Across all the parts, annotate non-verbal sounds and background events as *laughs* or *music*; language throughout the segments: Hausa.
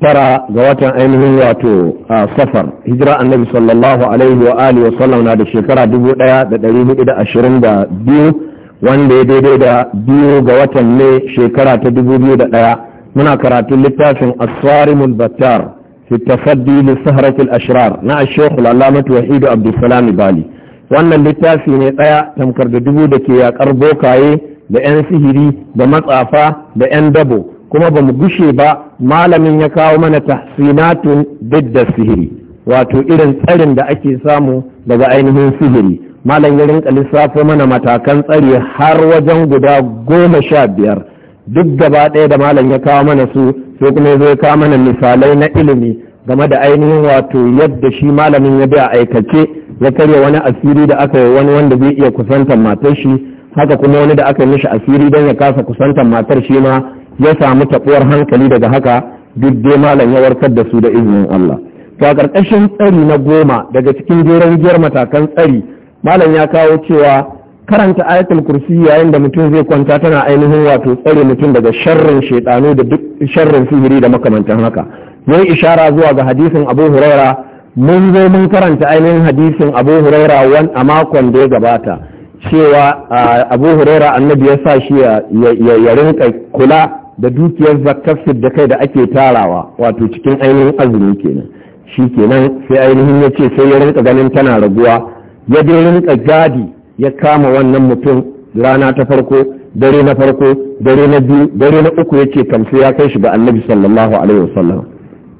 tara ga watan ainihin wato a safar hijira annabi sallallahu alaihi wa alihi wa sallam na da shekara 1422 wanda ya daidai da biyu ga watan ne shekara ta 2001 muna karatun littafin aswarimul battar fi tafaddi li sahratil ashrar na ash-shaykh al-allamah wahid abdussalam bali wannan littafi ne ɗaya tamkar da dubu da ke yakar bokaye da yan sihiri da matsafa da yan dabo kuma ba mu gushe ba malamin ya kawo mana tahsinatun da sihiri wato irin tsarin da ake samu daga ainihin sihiri malam ya rinka lissafo mana matakan tsari har wajen guda goma sha biyar duk gaba ɗaya da malam ya kawo mana su sai kuma ya kawo mana misalai na ilimi game da ainihin wato yadda shi malamin ya bi a aikace ya karya wani asiri da aka yi wani wanda zai iya kusantar matar shi haka kuma wani da aka yi mishi asiri don ya kasa kusantar matar shi ma ya samu taɓuwar hankali daga haka duk dai malam ya warkar da su da izinin Allah to a ƙarƙashin tsari na goma daga cikin jerin giyar matakan tsari malam ya kawo cewa karanta ayatul kursi yayin da mutum zai kwanta tana ainihin wato tsare mutum daga sharrin shaidanu da duk sharrin sihiri da makamantan haka yayi ishara zuwa ga hadisin Abu Huraira mun zo mun karanta ainihin hadisin Abu Huraira wan a makon da ya gabata cewa Abu Huraira annabi ya sa shi ya rinka kula da dukiyar zakar da kai da ake tarawa wato cikin ainihin azumi kenan shi kenan sai ainihin ya ce sai ya rinka ganin tana raguwa ya dai rinka gadi ya kama wannan mutum rana ta farko dare na farko dare na biyu dare na uku ya ce kamsu ya kai shi ga annabi sallallahu alaihi wasallam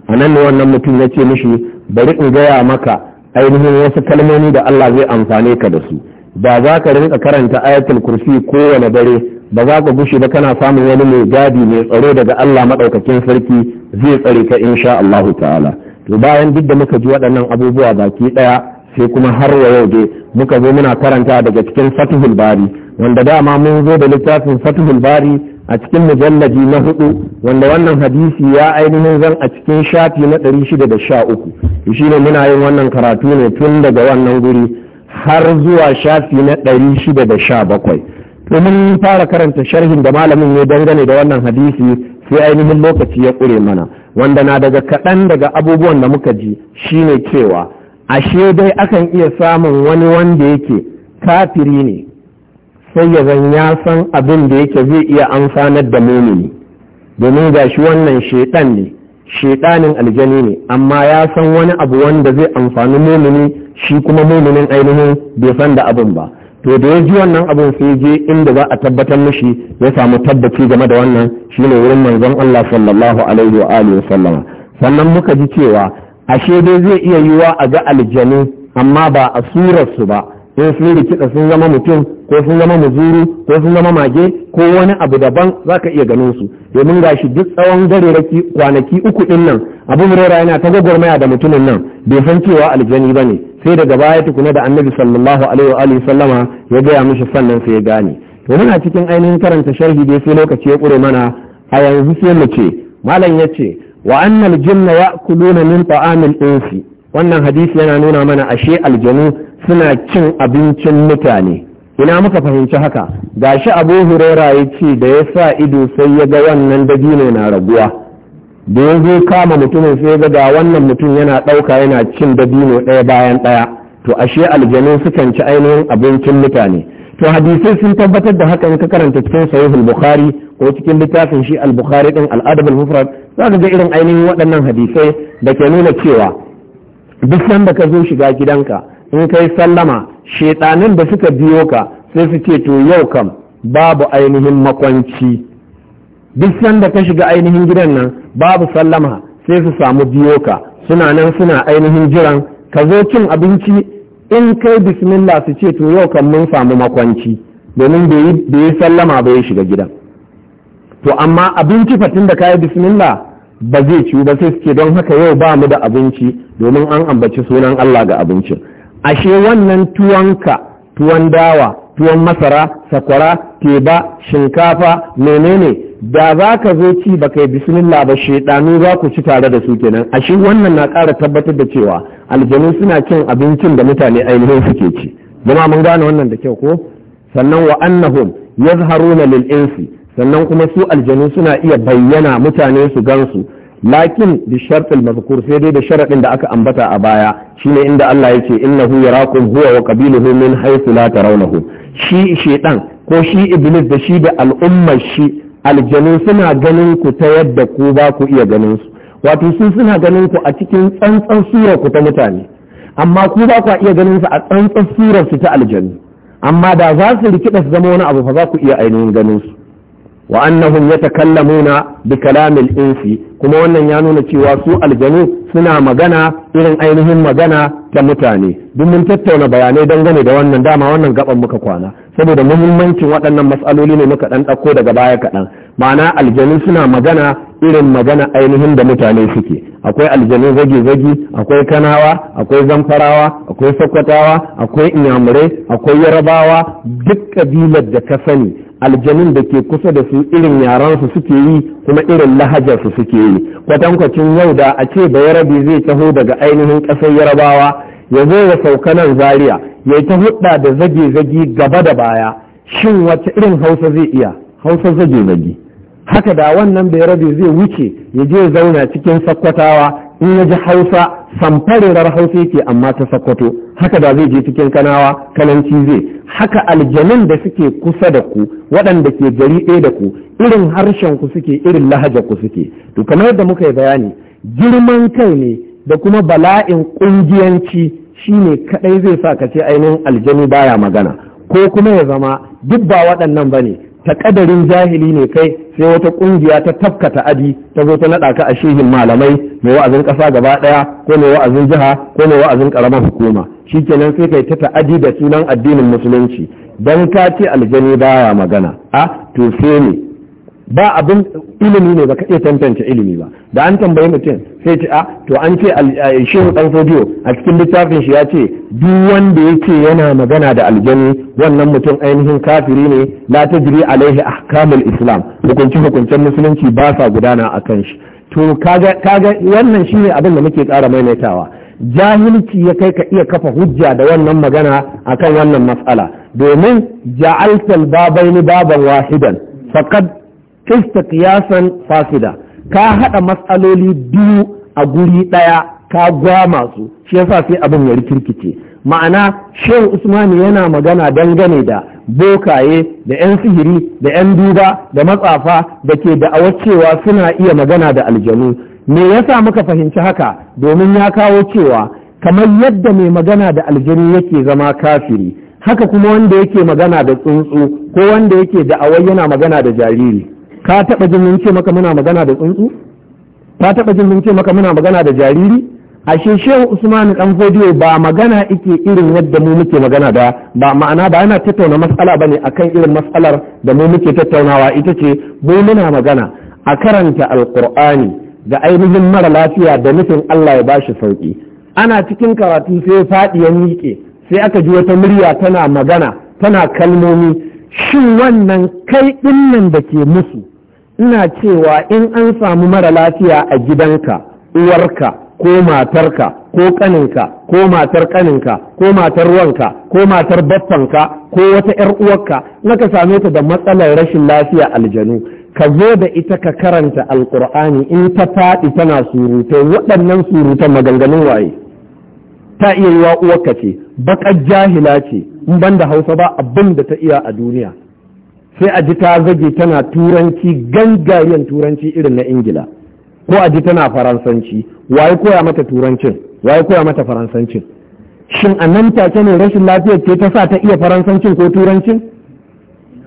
a nan ne wannan mutum ya ce mishi bari in gaya maka ainihin wasu kalmomi da Allah zai amfane ka da su ba za ka rinka karanta ayatul kursi kowane dare ba za ka gushe ba kana samun wani mai gadi mai tsaro daga Allah maɗaukakin sarki zai tsare ka in sha, Allahu ta'ala to bayan duk da muka ji waɗannan abubuwa baki ɗaya sai kuma har wa yau dai muka zo muna karanta daga cikin fatihul bari wanda dama mun zo da littafin fatihul bari a cikin mujallaji na hudu wanda wannan hadisi ya ainihin zan a cikin shafi na ɗari shida da sha uku shi muna yin wannan karatu ne tun daga wannan guri har zuwa shafi na ɗari shida da sha bakwai to mun fara karanta sharhin da malamin ne dangane da wannan hadisi sai ainihin lokaci ya ƙure mana wanda na daga kaɗan daga abubuwan da muka ji shine cewa ashe dai akan iya samun wani wanda yake kafiri ne sai ya zan ya san abin da yake zai iya amfanar da mumini domin ga shi wannan shaiɗan ne shaiɗanin aljani ne amma ya san wani abu wanda zai amfani mumini shi kuma muminin ainihin bai san da abin ba to da ya ji wannan abin sai je inda za a tabbatar mishi ya samu tabbaci game da wannan shine wurin manzon Allah sallallahu alaihi wa alihi wa sallama sannan muka ji cewa ashe dai zai iya yiwa a ga aljanu amma ba a surar su ba in sun rikida sun zama mutum ko sun zama muzuru ko sun zama mage ko wani abu daban zaka iya ganin su domin gashi duk tsawon gareraki kwanaki uku din nan abu murera yana ta gwagwarmaya da mutumin nan bai san cewa aljani ne. sai daga baya tukuna da annabi sallallahu alaihi wa sallama ya gaya mishi sannan sai ya gane to muna cikin ainihin karanta sharhi dai sai lokaci ya kure mana a yanzu sai mu ce malam ya ce wa annal jinna ya'kuluna min ta'amil insi wannan hadisi yana nuna mana ashe aljanu suna cin abincin mutane ina muka fahimci haka gashi abu huraira yace da ya sa ido sai ya ga wannan dabino na raguwa da ya zo kama mutumin sai ga ga wannan mutum yana ɗauka yana cin dabino ɗaya bayan ɗaya to ashe aljanu sukan ci ainihin abincin mutane to hadisai sun tabbatar da haka in ka karanta cikin sahihul bukhari ko cikin littafin shi al-bukhari din al-adab al-mufrad za ka ga irin ainihin waɗannan hadisai da ke nuna cewa duk sanda ka zo shiga gidanka in kai sallama shedanin da suka biyo ka sai su ce to yau kam babu ainihin makwanci duk sanda ka shiga ainihin gidan nan babu sallama sai su samu biyo ka suna nan suna ainihin jiran ka zo cin abinci in kai bismillah su ce to yau kan mun samu makwanci domin bai yi sallama ba ya shiga gidan to amma abinci fatin da kayi bismillah ba zai ciwu ba sai suke don haka yau ba mu da abinci domin an ambaci sunan Allah ga abincin ashe wannan ka, tuwon dawa tuwon masara sakwara teba shinkafa menene da za ka zo ci ba kai bismillah ba shaidanu za ku ci tare da su kenan ashe wannan na ƙara tabbatar da cewa aljanu suna cin abincin da mutane ainihin suke ci zama mun gane wannan da kyau ko sannan wa annahum yazharuna lil insi sannan kuma su aljanu suna iya bayyana mutane su gansu lakin bi shartil mazkur sai dai da sharadin da aka ambata a baya shine inda Allah yake innahu yarakum huwa wa qabiluhu min haythu la tarawnahu shi shedan ko shi iblis da shi da al'ummar shi aljanu suna ganin ku ta yadda ku ba ku iya ganin su wato su suna ganin ku a cikin tsantsan surar ku ta mutane amma ku ba ku iya ganin su a tsantsan surar su ta aljanu amma da za su rikida su zama wani abu fa za ku iya ainihin ganin su wa annahum yatakallamuna bi kalamil insi kuma wannan ya nuna cewa su aljanu suna magana irin ainihin magana ta mutane duk mun tattauna bayanai dangane da wannan dama wannan gaban muka kwana saboda muhimmancin waɗannan matsaloli ne muka ɗan ɗauko daga baya kaɗan ma'ana aljanu suna magana irin magana ainihin da mutane suke akwai aljanu zagi-zagi akwai kanawa akwai zamfarawa akwai sokotawa akwai inyamurai akwai yarabawa duk kabilar da ka sani aljanun da ke kusa da su irin su suke yi kuma irin lahajarsu suke yi kwatankwacin yau da a ce yarabi zai taho daga ainihin ƙasar yarabawa ya zo ya sauka nan zaria ya yi ta hudda da zage-zage gaba da baya shin wace irin hausa zai iya hausa zage-zage haka da wannan bai rabe zai wuce ya je zauna cikin sakkwatawa in ya ji hausa samfarerar hausa yake amma ta sakkwato haka da zai je cikin kanawa kananci zai haka aljanun da suke kusa da ku waɗanda ke gari ɗaya da ku irin harshen ku suke irin lahajar ku suke to kamar yadda muka yi bayani girman kai ne da kuma bala'in ƙungiyanci shi ne kaɗai zai sa ka ce ainihin aljani baya magana ko kuma ya zama duk ba waɗannan ba ne ta ƙadarin jahili ne kai sai wata ƙungiya ta tafkata adi ta zo ta naɗa ka a shehin malamai mai wa'azin ƙasa gaba ɗaya ko mai wa'azin jiha ko mai wa'azin ƙaramar hukuma shi kenan sai kai ta ta'adi da sunan addinin musulunci don ka ce aljani baya magana a to sai ne ba abin ilimi ne ba ka iya tantance ilimi ba da an tambayi mutum sai ce a to an ce shehu dan a cikin littafin shi ya ce duk wanda ce yana magana da aljani wannan mutum ainihin kafiri ne la tajri alaihi ahkamul islam hukunci hukuncen musulunci ba sa gudana a kan shi to kaga kaga wannan shine abin da muke kara maimaitawa jahilci ya kai ka iya kafa hujja da wannan magana akan wannan matsala domin ja'altal babaini baban wahidan faqad kista kiyasan fasida ka haɗa matsaloli biyu a guri ɗaya ka gwama su shi yasa sai abin ya rikirkice ma'ana shehu usmani yana magana dangane da bokaye da 'yan sihiri da 'yan duba da matsafa da ke da'awar cewa suna iya magana da aljanu me yasa muka fahimci haka domin ya kawo cewa kamar yadda mai magana da aljanu yake zama kafiri haka kuma wanda yake magana da tsuntsu ko wanda yake da da'awar yana magana da jariri ka taɓa jin mun ce maka muna magana da tsuntsu ka taɓa jin mun ce maka muna magana da jariri ashe shehu usman dan fodiyo ba magana ike irin yadda mu muke magana da ba ma'ana ba yana tattauna matsala bane akan irin matsalar da mu muke tattaunawa ita ce mu muna magana a karanta alqur'ani da ainihin mara lafiya da nufin Allah ya bashi sauki ana cikin karatu sai faɗi ya miƙe sai aka ji wata murya tana magana tana kalmomi shin wannan kai dinnan da ke musu ina cewa in an samu mara lafiya a gidanka uwarka ko matarka ko ƙaninka, ko matar kaninka ko matar wanka ko matar baffanka ko wata 'yar uwarka naka same ta da matsalar rashin lafiya aljanu ka zo da ita ka karanta alkur'ani in ta faɗi tana surutai waɗannan surutan maganganun waye ta iya yi wa uwarka ce baƙar jahila ce in ban da hausa ba abin da ta iya a duniya sai a ji ta zage tana turanci gangariyan turanci irin na ingila ko a ji tana faransanci waye koya mata turancin waye koya mata faransancin shin a nan take ne rashin lafiyar ce ta sa ta iya faransancin ko turancin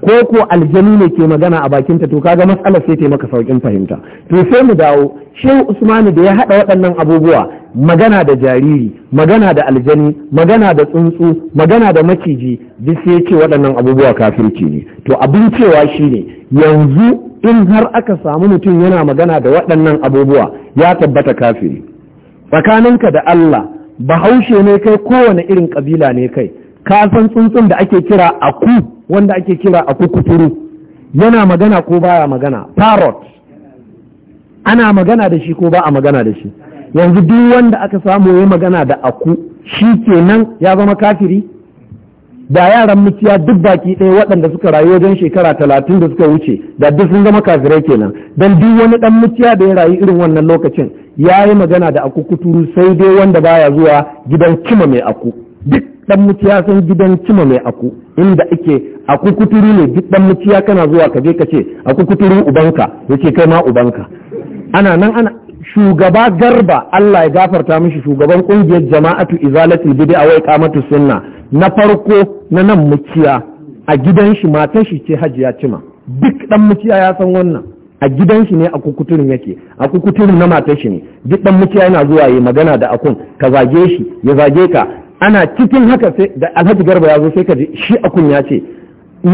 ko ko aljanu ne ke magana a bakinta to kaga matsalar sai ta maka saukin fahimta to sai mu dawo shehu usmanu da ya haɗa waɗannan abubuwa magana da jariri magana da aljani magana da tsuntsu magana da maciji duk sai ce waɗannan abubuwa kafirci ne to abin cewa shine yanzu in har aka samu mutum yana magana da waɗannan abubuwa ya tabbata kafiri tsakaninka da Allah bahaushe ne kai kowane irin kabila ne kai ka san tsuntsun da ake kira aku wanda ake kira aku kuturu yana magana ko baya magana parrot ana magana da shi ko ba a magana da shi yanzu duk wanda aka samu ya magana da aku shi kenan ya zama kafiri da yaran mutiya duk baki ɗaya waɗanda suka rayu wajen shekara talatin da suka wuce da duk sun zama kafirai kenan don duk wani ɗan mutiya da ya rayu irin wannan lokacin ya yi magana da aku kuturu sai dai wanda baya zuwa gidan kima mai aku duk dan muciya san gidan cima mai aku inda ake aku kuturu ne duk dan muciya kana zuwa kaje je ka ce aku kuturu ubanka yace kai ma ubanka ana nan ana shugaba garba Allah ya gafarta mishi shugaban kungiyar jama'atu Izalati bid'a awai iqamatu sunna na farko na nan muciya a gidan shi matan shi ce hajiya cima duk dan muciya ya san wannan a gidan shi ne aku kuturin yake aku kuturin na matan shi ne duk dan muciya yana zuwa yi magana da akun ka zage shi ya zage ka ana cikin haka sai da alhaji garba ya zo sai ka ji shi a kunya ce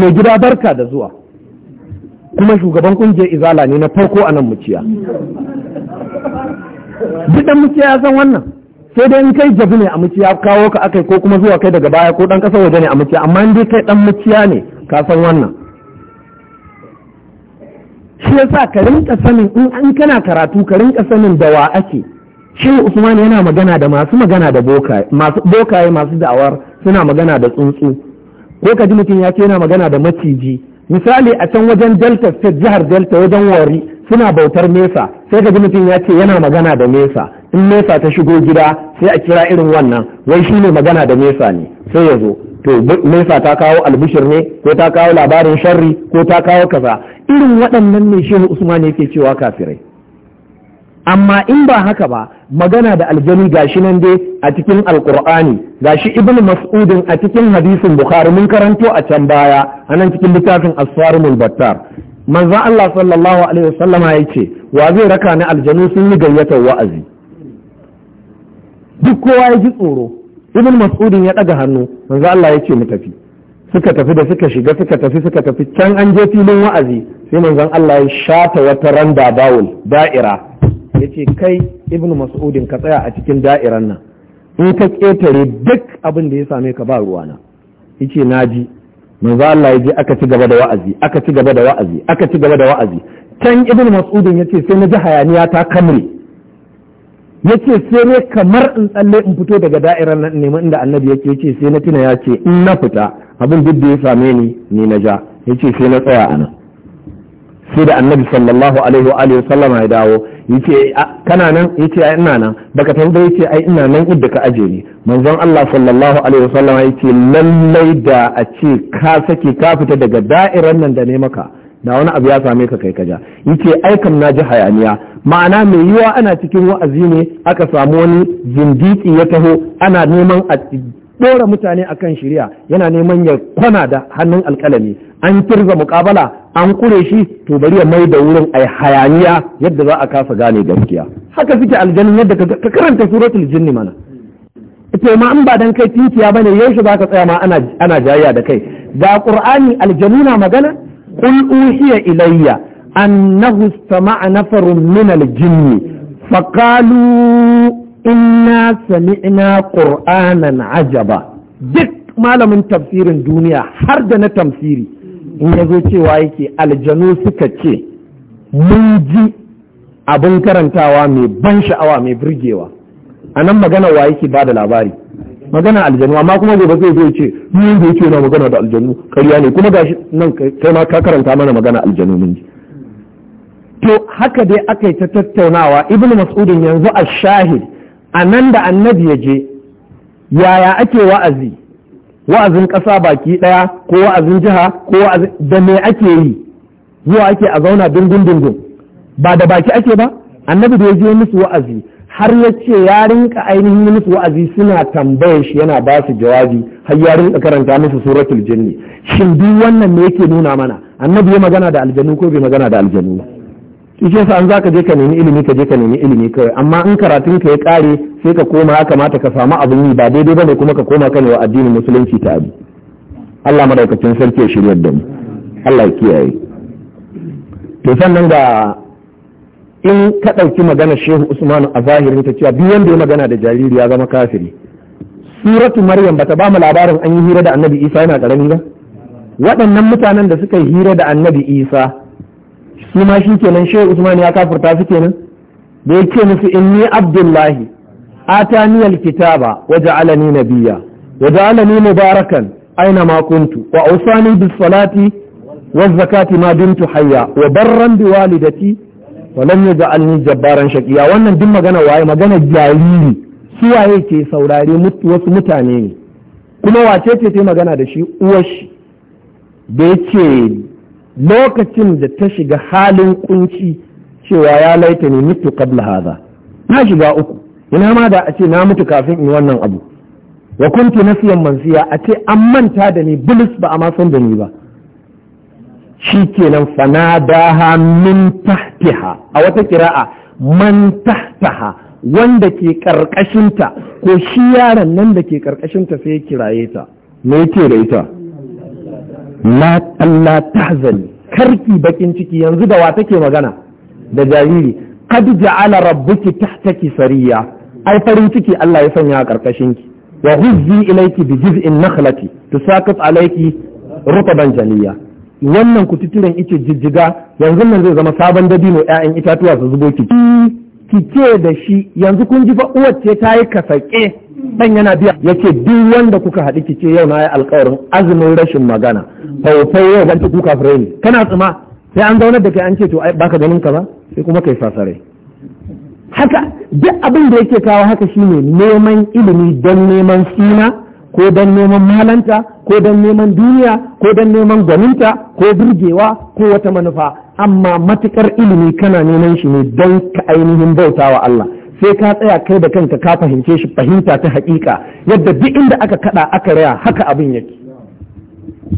mai gida barka da zuwa kuma shugaban kungiyar izala ne na farko a nan muciya duk dan muciya ya san wannan sai dai in kai jabi ne a muciya kawo ka akai ko kuma zuwa kai daga baya ko dan kasar waje ne a muciya amma in dai kai dan muciya ne ka san wannan shi yasa ka rinka sanin in an kana karatu ka rinka sanin da wa ake shin usman yana magana da masu magana da bokaye masu bokaye masu da'awar suna magana da tsuntsu ko ka ji mutum ya ce yana magana da maciji misali a can wajen delta state jihar delta wajen wari suna bautar mesa sai ka ji mutum ya ce yana magana da mesa in mesa ta shigo gida sai a kira irin wannan wai shi ne magana da mesa ne sai ya zo to mesa ta kawo albishir ne ko ta kawo labarin sharri ko ta kawo kaza irin waɗannan ne shehu usman yake cewa kafirai amma in ba haka ba magana da aljani gashi nan dai a cikin alkur'ani gashi ibn mas'udin a cikin hadisin bukhari mun karanto a can baya a nan cikin littafin asfarul battar manzo Allah sallallahu alaihi wasallama yace wa zai raka ni aljanu sun yi gayyatar wa'azi duk kowa ya ji tsoro ibn mas'udin ya daga hannu manzo Allah yace mu tafi suka tafi da suka shiga suka tafi suka tafi can an je filin wa'azi sai manzon Allah ya shata wata randa bawul da'ira yace kai ibnu mas'udin ka tsaya a cikin da'iran nan in ka ketare duk abin da ya same ka ba ruwana yace naji manzo Allah yaji aka ci gaba da wa'azi aka ci gaba da wa'azi aka ci gaba da wa'azi can ibnu mas'udin yace sai na ji hayaniya ta kamre yace sai ne kamar in tsalle in fito daga da'irar nan nemi inda annabi yake yace sai na tuna ya in na fita abin duk da ya same ni ni na ja yace sai na tsaya a nan sai da annabi sallallahu alaihi wa alihi sallama ya dawo yace kana nan yace ai ina nan baka tambaye yace ai ina nan idda ka aje ni manzon Allah sallallahu alaihi wa sallama yace lallai da a ce ka sake ka fita daga da'irar nan da ne maka da wani abu ya same ka kai kaja yace ai kam na ji hayaniya ma'ana mai yiwa ana cikin wa'azi ne aka samu wani zindiki ya taho ana neman a dora mutane akan shari'a yana neman ya kwana da hannun alkalami an kirza mukabala an kure shi to bari ya mai da wurin ai hayaniya yadda za a kasa gane gaskiya haka suke aljanun yadda ka karanta suratul jinni mana ita ma ba dan kai tinkiya bane yaushe zaka tsaya ma ana ana jayya da kai ga qur'ani aljanuna magana qul uhiya ilayya annahu istama'a nafarun min aljinni faqalu inna sami'na qur'anan ajaba duk malamin tafsirin duniya har da na tafsiri in ya zo cewa yake aljanu suka ce mun ji abin karantawa mai ban sha'awa mai burgewa a nan magana wa yake ba da labari magana aljanu amma kuma gobe zai zo ce mun da yake na magana da aljanu karya ne kuma gashi nan kai ma ka karanta mana magana aljanu mun ji to haka dai aka yi ta tattaunawa ibnu mas'udin yanzu a shahid a nan da annabi ya je yaya ake wa'azi wa'azin ƙasa baki ɗaya ko wa'azin jiha ko wa'azin da me ake yi zuwa ake a zauna dundun dundun ba da baki ake ba annabi da ya je musu wa'azi har ya ce ya rinka ainihin musu wa'azi suna tambayar shi yana ba su jawabi har ya rinka karanta musu suratul jinni shin duk wannan me yake nuna mana annabi ya magana da aljanu ko bai magana da aljanu ba shi sa an ka je ka nemi ilimi ka je ka nemi ilimi kawai amma in karatun ka ya kare sai ka koma ya kamata ka samu abin yi ba daidai ba bane kuma ka koma kana wa addinin musulunci ta abi Allah madaukakin sarki ya shirya da mu Allah ya kiyaye to sannan ga in ka ɗauki magana shehu usmanu a zahirin ta cewa duk wanda ya magana da jariri ya zama kafiri suratu maryam bata ba mu labarin an yi hira da annabi isa yana karami ba waɗannan mutanen da suka yi hira da annabi isa su ma shi kenan shehu usman ya kafirta su kenan da ya ce musu inni abdullahi atani alkitaba wa ja'alani nabiyya wa ja'alani mubarakan aina ma kuntu wa awsani bis salati waz zakati ma dumtu hayya wa barran bi walidati wa lam yaj'alni jabbaran shaqiya wannan duk magana waye magana jariri su waye ke saurare wasu mutane ne kuma wace ce ta magana da shi uwar shi da ya lokacin da ta shiga halin kunci cewa ya laita ne mutu kabla haza na shiga uku ina ma da a ce na mutu kafin in wannan abu wa kuntu nasiyan mansiya a ce an manta da ni bulus ba a ma san da ni ba shikenan fanadaha min tahtiha a wata kira'a man tahtaha wanda ke karkashinta ko shi yaron nan da ke karkashinta sai ya kiraye ta me yake da ita la Allah tahzani karki bakin ciki yanzu da wa take magana da jariri qad ja'ala rabbuki tahtaki sariya ai farin ciki Allah ya sanya a karkashin ki wa huzzi ilayki bi jiz'in nakhlati tusaqit alayki rutban jaliya wannan kututturen ice jijjiga yanzu nan zai zama sabon dabino 'ya'yan itatuwa su zubo ki ki ce da shi yanzu kun ji fa uwar ce ta yi kasake dan yana biya yake duk wanda kuka haɗu ki ce yau na yi alƙawarin azumin rashin magana faufai yau ban ku kafirai ne kana tsima sai an zaunar da kai an ce to ai baka ganin ka ba sai kuma kai fasare haka duk abin da yake kawo haka shine neman ilimi don neman sina, ko don neman malanta ko don neman duniya ko don neman gwaninta ko birgewa ko wata manufa amma matukar ilimi kana neman shi ne don ka ainihin bautawa Allah sai ka tsaya kai da kanka ka fahimce shi fahimta ta hakika yadda duk inda aka kada aka raya haka abin yake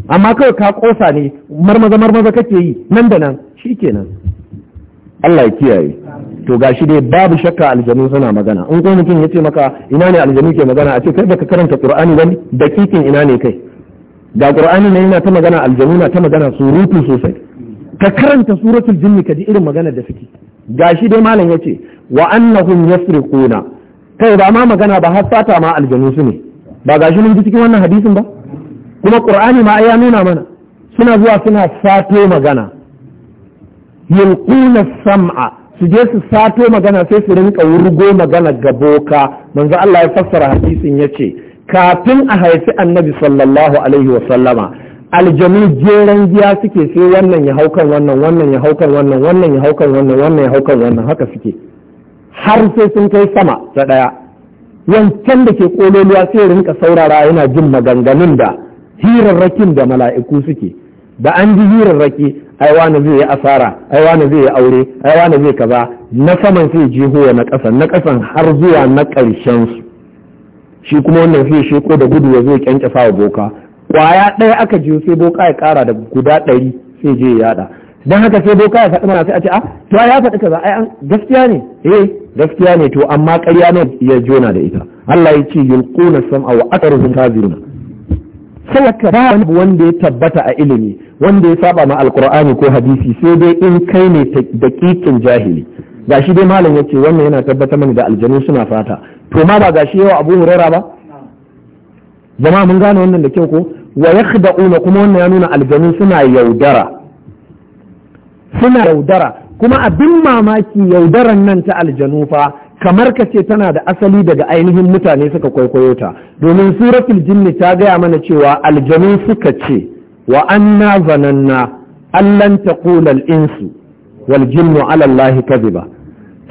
amma kawai ka kosa ne marmaza marmaza kake yi nan da nan shikenan Allah ya kiyaye to gashi dai babu shakka aljanu suna magana in kuma mutum ya ce maka ina ne aljanu ke magana a ce kai baka karanta qur'ani ba dakikin ina ne kai ga qur'ani ne yana ta magana aljanu na ta magana surutu sosai ka karanta suratul jinni ka ji irin magana da suke gashi dai malam ya ce, wa annahum yasriquna kai ba ma magana ba har sata ma aljanu su ne ba gashi mun ji cikin wannan hadisin ba kuma qur'ani ma ya nuna mana suna zuwa suna sato magana yulquna sam'a su je su sato magana sai su rinka wurgo magana ga boka manzo Allah ya fassara hadisin yace kafin a haifi annabi sallallahu alaihi wa sallama aljanu jeren giya suke sai wannan ya haukan wannan wannan ya haukan wannan wannan ya haukan wannan wannan ya haukan wannan haka suke har sai sun kai sama ta ɗaya wancan da ke kololuwa sai rinka saurara yana jin maganganun da hirarrakin da mala'iku suke da an ji hirarraki ai wani zai yi asara ai wani zai yi aure ai wani zai kaza na saman sai jihowa na kasan na ƙasan har zuwa na ƙarshen su shi kuma wannan sai sheko da gudu ya zo kyankyasa wa boka kwaya ɗaya aka jiyo sai boka ya ƙara da guda ɗari sai je ya yaɗa don haka sai boka ya faɗi mana sai a ce a ah, to ya faɗi kaza ai an gaskiya ne eh gaskiya ne to amma ƙarya ne ya jona da ita Allah ya ce yulquna sam'a wa na. kaziruna ka ba wani wanda ya tabbata a ilimi wanda ya saba ma alqur'ani ko hadisi sai dai in kai ne daƙiƙin jahili gashi dai malam ce wannan yana tabbatar mana da aljanu suna fata to ma ba gashi yawa abu hurera ba zama mun gane wannan da kyau ko wa yakhda'una kuma wannan ya nuna aljanu suna yaudara suna yaudara kuma abin mamaki yaudaran nan ta aljanu fa kamar ka ce tana da asali daga ainihin mutane suka kwaikwayo ta domin suratul jinni ta gaya mana cewa aljanu suka ce wa anna zananna allan taqula insu wal jinnu ala allahi kadhiba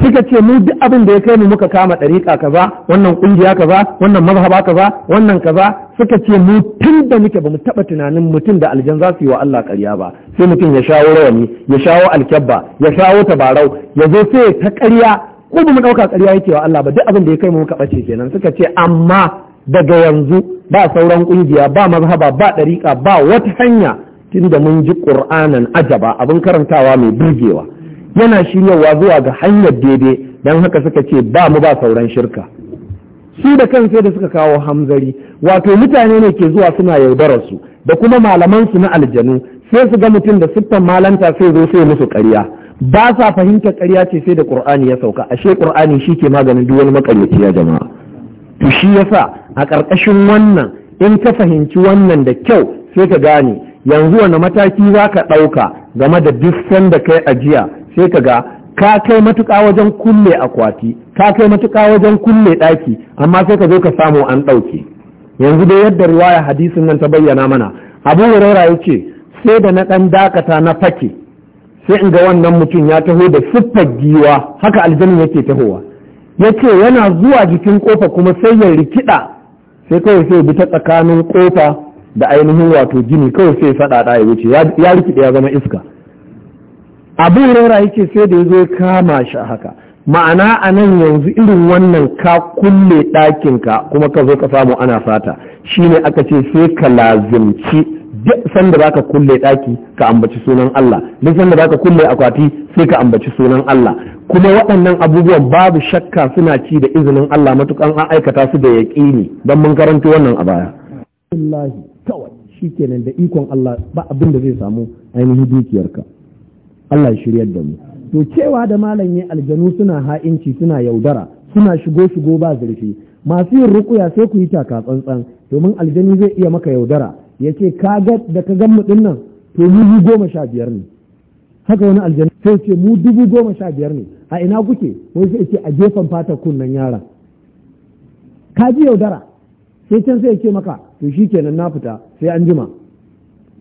suka ce mu duk abin da ya kai mu muka kama ɗariƙa kaza wannan ƙungiya kaza wannan mazhaba kaza wannan kaza suka ce mu tun da muke ba mu taɓa tunanin mutum da aljan za su yi wa Allah ƙarya ba sai mutum ya shawo rawani ya shawo alkyabba ya shawo tabarau ya zo sai ta ƙarya ko ba mu ɗauka ƙarya yake wa Allah ba duk abin da ya kai mu muka ɓace kenan suka ce amma daga yanzu ba sauran ƙungiya ba mazhaba ba ɗariƙa ba wata hanya tun da mun ji ƙur'anan ajaba abin karantawa mai burgewa yana shiryarwa zuwa ga hanyar daidai don haka suka ce ba mu ba sauran shirka su da kan sai da suka kawo hamzari wato mutane ne ke zuwa suna yaudarar su da kuma malaman su na aljanu sai su ga mutum da siffan malanta sai zo sai musu ƙarya ba sa fahimtar ƙarya ce sai da ƙur'ani ya sauka ashe ƙur'ani shi ke maganin duk wani makaryaci ya jama'a to shi yasa a ƙarƙashin wannan in ka fahimci wannan da kyau sai ka gane yanzu wani mataki za ka ɗauka game da duk sanda kai ajiya sai ka ga ka kai matuƙa wajen kulle akwati ka kai matuƙa wajen kulle ɗaki amma sai ka zo ka samu an ɗauke yanzu dai yadda riwaya hadisin nan ta bayyana mana abu huraira ya ce sai da na ɗan dakata na fake sai in ga wannan mutum ya taho da siffar giwa haka aljanin yake tahowa ya ce yana zuwa jikin kofa kuma sai ya rikiɗa, sai kawai sai bi ta tsakanin ƙofa da ainihin wato gini kawai sai faɗaɗa ya wuce ya rikida ya zama iska abu ya ce, sai da ya zo kama shi haka ma'ana a nan yanzu irin wannan ka kulle ɗakinka kuma ka zo ka samu ana fata shine aka ce sai ka lazimci duk sanda za ka kulle ɗaki ka ambaci sunan Allah duk sanda za ka kulle akwati sai ka ambaci sunan Allah kuma waɗannan abubuwan babu shakka suna ci da izinin Allah matukan an aikata su da yaƙini don mun karanta wannan a baya. Allahi kawai shi kenan da ikon Allah ba abin da zai samu ainihin dukiyarka Allah ya shiryar da mu. to cewa da malam ya aljanu suna ha'inci suna yaudara suna shigo shigo ba zurfi masu yin rukuya sai ku yi taka tsantsan domin aljanu zai iya maka yaudara yace ce ka ga da ka gan mutum nan to mu goma sha biyar ne haka wani aljanu sai ce mu dubu goma sha biyar ne a ina kuke wai sai ce a gefen fatar kunnen yara ka ji yaudara sai can sai ce maka to shi kenan na fita sai an jima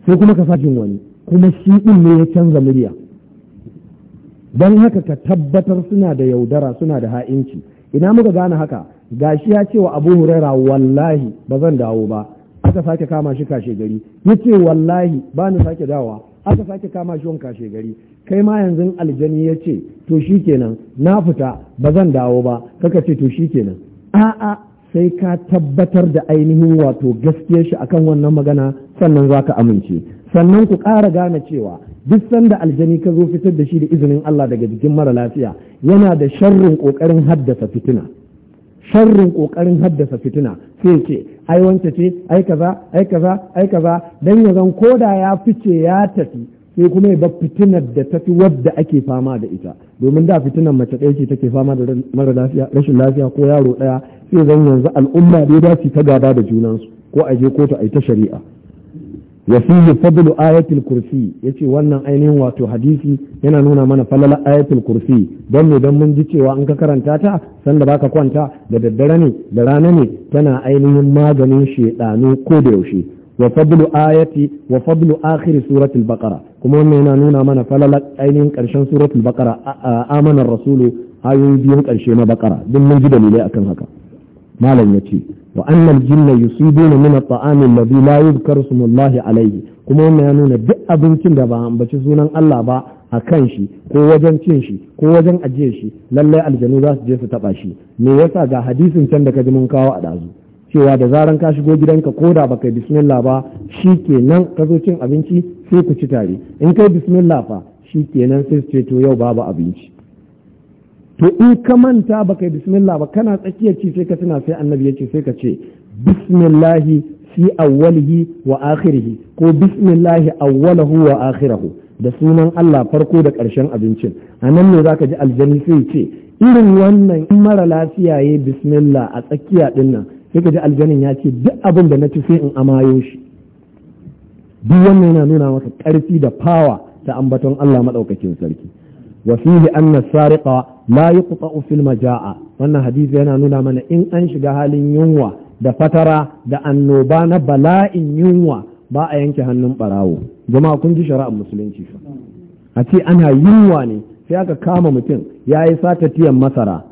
sai kuma ka jin wani kuma shi ɗin ne ya canza murya don haka ka tabbatar suna da yaudara suna da ha'inci ina muka gane haka gashi ya cewa wa abu huraira wallahi ba zan dawo ba aka sake kama shi kashe gari ya ce wallahi ba ni sake dawa aka sake kama shi kashe gari kai ma yanzu aljani ya ce to shi kenan na fita ba zan dawo ba kaka ce to shi kenan a'a sai ka tabbatar da ainihin wato gaskiyar shi akan wannan magana sannan za ka amince sannan ku ƙara gane cewa duk sanda aljani ka zo fitar da shi da izinin Allah daga jikin mara lafiya yana da sharrin kokarin haddasa fitina sharrin kokarin haddasa fitina sai ce ai wance ce ai kaza ai kaza ai kaza dan ya zan koda ya fice ya tafi sai kuma ya bar fitinar da tafi wadda ake fama da ita domin da fitinar mace ɗaya ce take fama da mara lafiya rashin lafiya ko yaro ɗaya sai zan yanzu al'umma dai da su ta gada da junansu ko a je kotu a yi ta shari'a wa fihi fadlu ayatul kursi yace wannan ainihin wato hadisi yana nuna mana falala ayatul kursi don me mun ji cewa an ka karanta ta sanda baka kwanta da daddare ne da rana ne tana ainihin maganin shedanu ko da yaushe wa fadlu ayati wa fadlu akhir suratul baqara kuma wannan yana nuna mana falala ainihin karshen suratul baqara amanar rasulu ayoyi biyu karshe na baqara duk mun ji dalilai akan haka malam yace wa annal jinna yusibuna min at-ta'ami alladhi la yuzkar ismullahi alayhi kuma wannan ya nuna duk abincin da ba ambaci sunan Allah ba a kan shi ko wajen cin shi ko wajen ajiye shi lallai aljanu zasu je su taɓa shi me yasa ga hadisin can da ka ji mun kawo a ɗazu cewa da zaran ka shigo gidanka ko da baka bismillah ba shi kenan ka zo cin abinci sai ku ci tare in kai bismillah fa shi kenan sai su ce to yau babu abinci to in ka manta ba kai bismillah ba kana tsakiyar ci sai ka tuna sai annabi ya ce sai ka ce bismillahi fi awwalihi wa akhirihi ko bismillahi awwalahu wa akhirahu da sunan Allah farko da karshen abincin anan ne zaka ji aljani sai ce irin wannan in mara lafiya yayi bismillah a tsakiya din nan sai ka ji aljanin ya ce duk abin da na ci sai in amayo shi duk wannan yana nuna maka ƙarfi da fawa ta ambaton Allah madaukakin sarki wa fihi anna sariqa la yuqta'u fil majaa wannan hadisi yana nuna mana in an shiga halin yunwa da fatara da annoba na bala'in yunwa ba a yanke hannun barawo jama'a kun ji shari'ar musulunci a ce ana yunwa ne sai aka kama mutum ya yi sata tiyan masara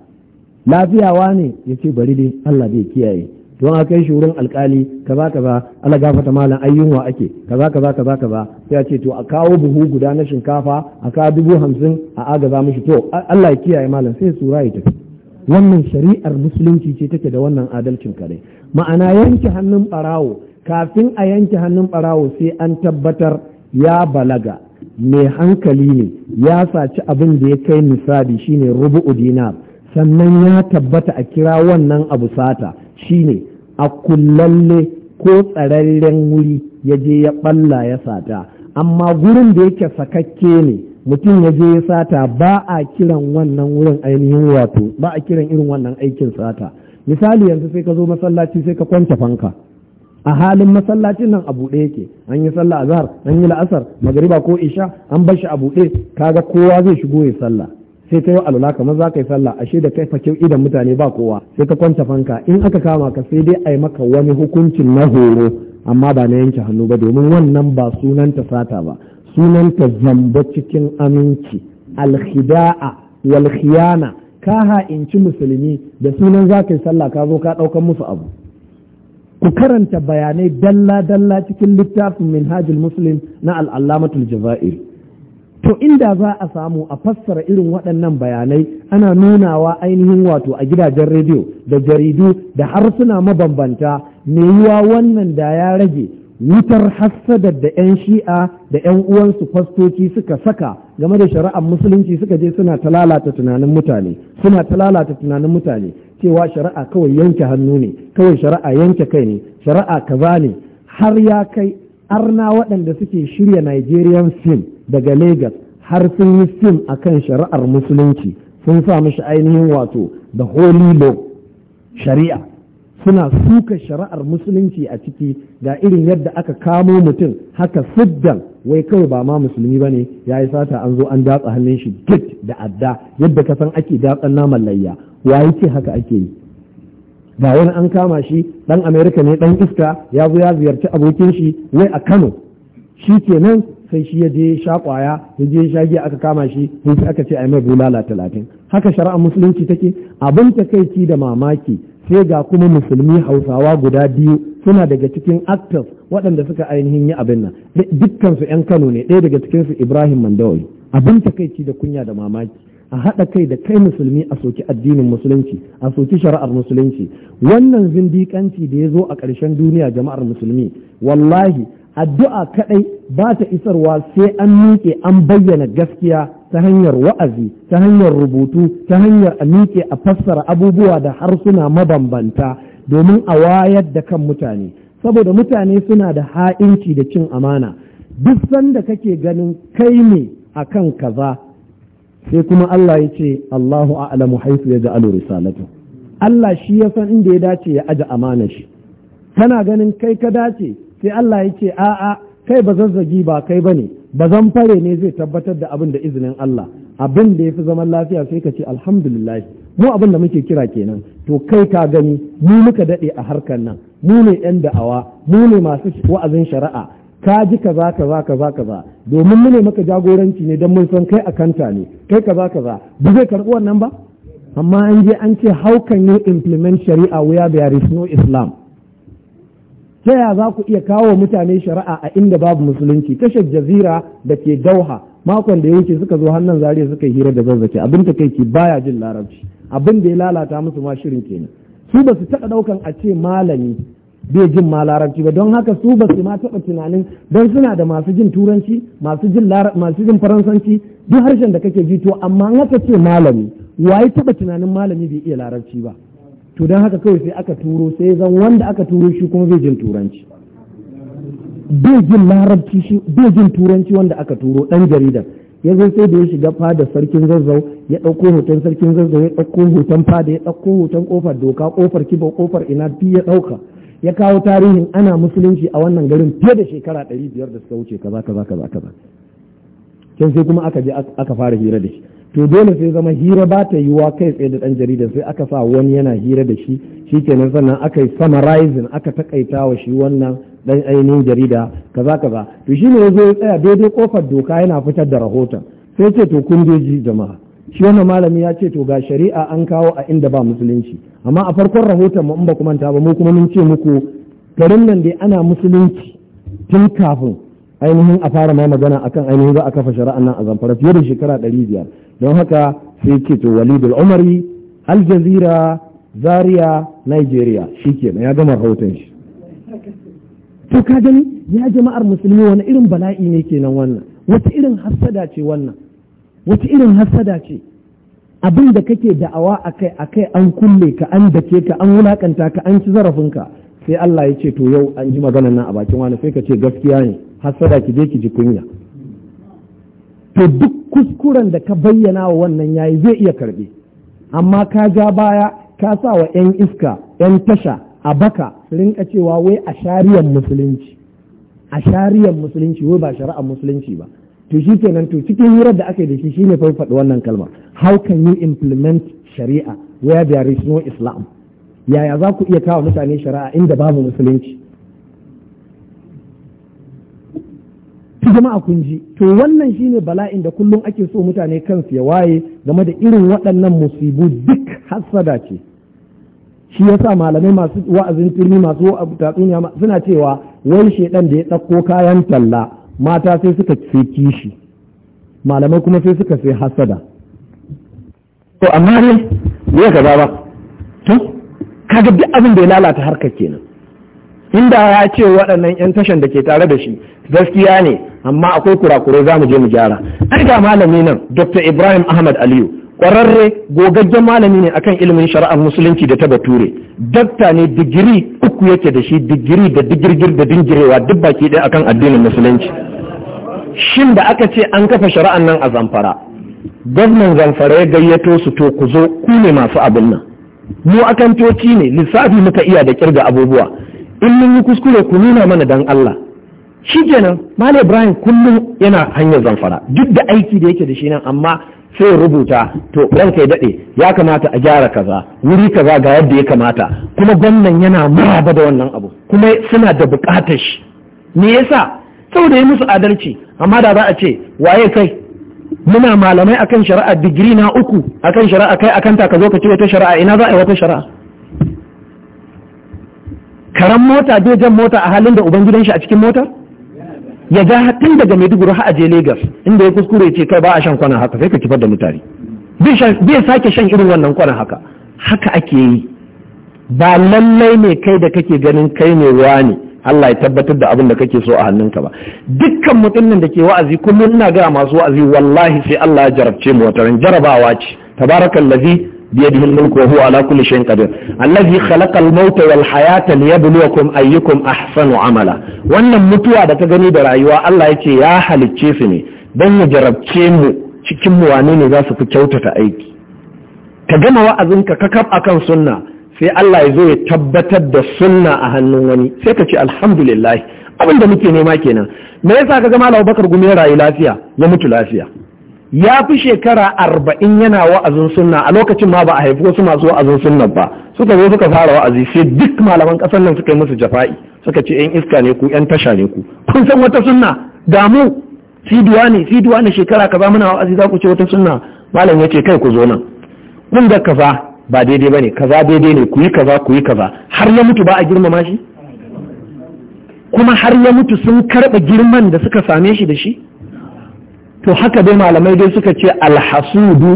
lafiyawa ne ya ce bari dai Allah bai kiyaye don a kai shi wurin alkali kaza kaza ala gafata malam ai yunwa ake kaza kaza kaza kaza sai a ce to a kawo buhu guda na shinkafa a kawo dubu hamsin a agaza mishi to Allah ya kiyaye malam sai sura ya tafi wannan shari'ar musulunci ce take da wannan adalcin kare ma'ana yanke hannun barawo kafin a yanke hannun barawo sai an tabbatar ya balaga mai hankali ne ya saci abin da ya kai misali shine rubu'u dinar sannan ya tabbata a kira wannan abu sata shine a kullalle ko tsararren wuri ya je ya ɓalla ya sata amma gurin da yake sakakke ne mutum ya je ya sata ba a kiran wannan wurin ainihin wato ba a kiran irin wannan aikin sata misali yanzu sai ka zo masallaci sai ka kwanta fanka a halin masallacin nan a buɗe yake an yi sallah azhar an yi la'asar magariba ko isha an bashi a buɗe kaga kowa zai shigo ya sallah sai ta yi alula kamar za ka yi sallah ashe da kai fakin idan mutane ba kowa sai ka kwanta fanka in aka kama ka sai dai a yi maka wani hukuncin na horo amma ba na yanke hannu ba domin wannan ba sunanta sata ba sunanta zamba cikin aminci alhida'a wal khiyana ka ha'inci musulmi da sunan za ka yi sallah ka zo ka ɗaukan musu abu ku karanta bayanai dalla-dalla cikin littafin minhajul muslim na al'allamatul jaza'ir to inda za a samu a fassara irin waɗannan bayanai ana nunawa ainihin wato a gidajen rediyo da jaridu da harsuna mabambanta ne yiwa wannan da ya rage wutar hassadar da 'yan shi'a da 'yan uwansu fastoci suka saka game da shari'ar musulunci suka je suna ta lalata tunanin mutane suna ta lalata tunanin mutane cewa shari'a kawai yanke hannu ne kawai shari'a yanke kai ne shari'a kaza ne har ya kai arna waɗanda suke shirya nigerian film daga Legas har sun yi fim a kan shari'ar musulunci sun sa mashi ainihin wato da holy law shari'a suna suka shari'ar musulunci a ciki ga irin yadda aka kamo mutum haka siddan wai kawai ba ma musulmi ba ne ya yi sata an zo an datsa hannun shi git da adda yadda ka san ake datsan naman layya waye ce haka ake yi ga wani an kama shi dan amerika ne dan iska ya zo ya ziyarci abokin shi wai a kano shi kenan sai shi ya je sha kwaya ya je sha giya aka kama shi sai aka ce a mai bulala talatin haka shari'ar musulunci take abin ta takaici da mamaki sai ga kuma musulmi hausawa guda biyu suna daga cikin actors waɗanda suka ainihin yi abin nan dukkansu 'yan kano ne ɗaya daga cikin su ibrahim mandawari abin ta takaici da kunya da mamaki a haɗa kai da kai musulmi a soki addinin musulunci a soki shari'ar musulunci wannan zindikanci da ya zo a ƙarshen duniya jama'ar musulmi wallahi addu'a kaɗai ba ta isarwa sai an miƙe an bayyana gaskiya ta hanyar wa'azi ta hanyar rubutu ta hanyar a miƙe a fassara abubuwa da harsuna mabambanta domin a wayar da kan mutane saboda mutane suna da ha'inci da cin amana duk sanda kake ganin kai ne a akan kaza sai kuma Allah ya ce Allahu a'lamu haifu ya ja'alu risalatu Allah shi ya san inda ya dace ya aje amanar shi kana ganin kai ka dace sai Allah ya ce a'a kai ba zagi ba kai bane ba zan fare ne zai tabbatar da abin da izinin Allah abin da yafi zaman lafiya sai ka ce alhamdulillah mu abin da muke kira kenan to kai ka gani mu muka dade a harkar nan mu ne yan da'awa mu ne masu wa'azin shari'a ka ji kaza kaza kaza kaza domin mu ne maka jagoranci ne don mun san kai akanta ne kai kaza kaza ba zai karɓi wannan ba amma an je an ce how can you implement sharia where there is no islam ta ya za ku iya kawo mutane shari'a a inda babu musulunci tashar jazira da ke dauha makon da ya wuce suka zo hannun zariya suka yi hira da zazzaki abin ta kai baya jin larabci abin da ya lalata musu ma shirin kenan su ba su taɓa ɗaukan a ce malami bai jin ma larabci ba don haka su ba su ma taɓa tunanin don suna da masu jin turanci masu jin masu jin faransanci duk harshen da kake ji to amma in aka ce malami waye taɓa tunanin malami bai iya larabci ba to don haka kawai sai aka turo sai zan wanda aka turo shi kuma zai jin turanci bai jin larabci shi turanci wanda aka turo dan jaridar ya zo sai da ya shiga fada sarkin zazzau ya ɗauko hoton sarkin zazzau ya ɗauko hoton fada ya ɗauko hoton kofar doka kofar kibo, kofar ina ya ɗauka ya kawo tarihin ana musulunci a wannan garin fiye da shekara ɗari biyar da suka wuce kaza kaza kaza kaza can sai kuma aka je aka fara hira da shi to dole sai zama hira ba ta yiwa kai tsaye da ɗan jarida sai aka sa wani yana hira da shi shi kenan sannan aka yi summarizing aka takaita wa shi wannan ɗan ainihin jarida kaza kaza to shi ne yazo ya tsaya daidai kofar doka yana fitar da rahoton sai ce to kun ji jama'a shi wannan malami ya ce to ga shari'a an kawo a inda ba musulunci amma a farkon rahoton mu in ba kuma ba mu kuma mun ce muku garin nan dai ana musulunci tun kafin ainihin a fara ma magana akan ainihin za a kafa shari'a nan a zamfara fiye da shekara ɗari biyar don haka sai ke to walidul umari al jazeera zaria nigeria ke ya gama rahoton shi to ka gani ya jama'ar musulmi wani irin bala'i ne kenan wannan wata irin hassada ce wannan wata irin hassada ce abin da kake da'awa a kai-a kai an kulle ka an dake ka an wulakanta ka an ci zarafinka sai Allah ya ce to yau an ji maganan nan a bakin wani sai ka ce gaskiya ne hassada ki je ki ji kunya to duk kuskuren da ka bayyana wa wannan yayi zai iya karbe amma ka ga baya ka sa wa 'yan iska 'yan tasha a baka rinka cewa wai a shari'ar musulunci a shari'ar musulunci wai ba shari'ar musulunci ba to shi kenan to cikin hirar da aka yi da shi shine fa faɗi wannan kalma how can you implement shari'a where there is no islam yaya za ku iya kawo mutane shari'a inda babu musulunci ki jama'a kun ji to wannan shine bala'in da kullum ake so mutane kansu ya waye game da irin waɗannan musibu duk hasada ce shi yasa malamai masu wa'azin turmi masu tatsuniya suna cewa wai shedan da ya ɗauko kayan talla mata sai suka sai kishi malamai kuma sai suka sai hasada. to amma ne me ka ba to kaga duk abin da ya lalata harkar kenan inda ya ce waɗannan 'yan tashan da ke tare da shi gaskiya ne amma akwai kurakurai za mu je mu gyara ai ga malami nan dr ibrahim ahmad aliyu ƙwararre gogaggen malami ne akan ilimin shari'ar musulunci da ta bature dakta ne digiri uku yake da shi digiri da digirgir da dingirewa duk baki ɗaya akan addinin musulunci shin da aka ce an kafa shari'ar nan a zamfara gwamnan zamfara ya gayyato su to ku zo ku ne masu abin nan mu akantoci ne lissafi muka iya da kirga abubuwa in mun yi kuskure ku nuna mana dan Allah shi kenan malam ibrahim kullum yana hanyar zamfara duk da aiki da yake da shi nan amma sai rubuta to ranka kai daɗe ya kamata a gyara kaza wuri kaza ga yadda ya kamata kuma gwamnan yana maraba da wannan abu kuma suna da buƙatar shi me yasa saboda yi musu adalci amma da za a ce waye kai muna malamai akan shari'a digiri na uku akan shari'a kai akan ta ka zo ka ci wata shari'a ina za a yi wata shari'a karan mota dojan mota a halin da ubangidan shi a cikin motar ya ga tun daga maiduguri har aje lagos inda ya kuskure ce kai ba a shan kwanan haka sai ka kifar da mutane bai sake shan irin wannan kwanan haka haka ake yi ba lallai ne kai da kake ganin kai ne wani Allah ya tabbatar da abin da kake so a hannunka ba dukkan mutumin da ke wa'azi kullum ina gaya masu wa'azi wallahi sai Allah ya jarabce mu wata jarabawa ce tabarakallazi بيده الملك وهو على كل شيء قدير الذي خلق الموت والحياة ليبلوكم أيكم أحسن عملا wannan mutuwa da ta gani da rayuwa Allah ya ce ya halicce su ne don ya jarabce mu cikin mu wane ne za su fi kyautata aiki ka gama wa'azinka ka kaf akan sunna sai Allah ya zo ya tabbatar da sunna a hannun wani sai ka ce alhamdulillahi. abin da muke nema kenan me yasa ka ga malam Bakar Gumi ya rayu lafiya ya mutu lafiya ya fi shekara arba'in yana wa'azin sunna a lokacin ma ba a haifi wasu masu wa'azin sunna ba suka zo suka fara wa'azi sai duk malaman ƙasar nan suka yi musu jafa'i suka ce yan iska ne ku yan tasha ne ku kun san wata sunna damu siduwa ne siduwa ne shekara kaza muna wa'azi za ku ce wata sunna malam ya ce kai ku zo nan kun kaza ba daidai bane kaza daidai ne ku kaza ku kaza har ya mutu ba a girmama shi kuma har ya mutu sun karɓa girman da suka same shi da shi to haka dai malamai dai suka ce alhasudu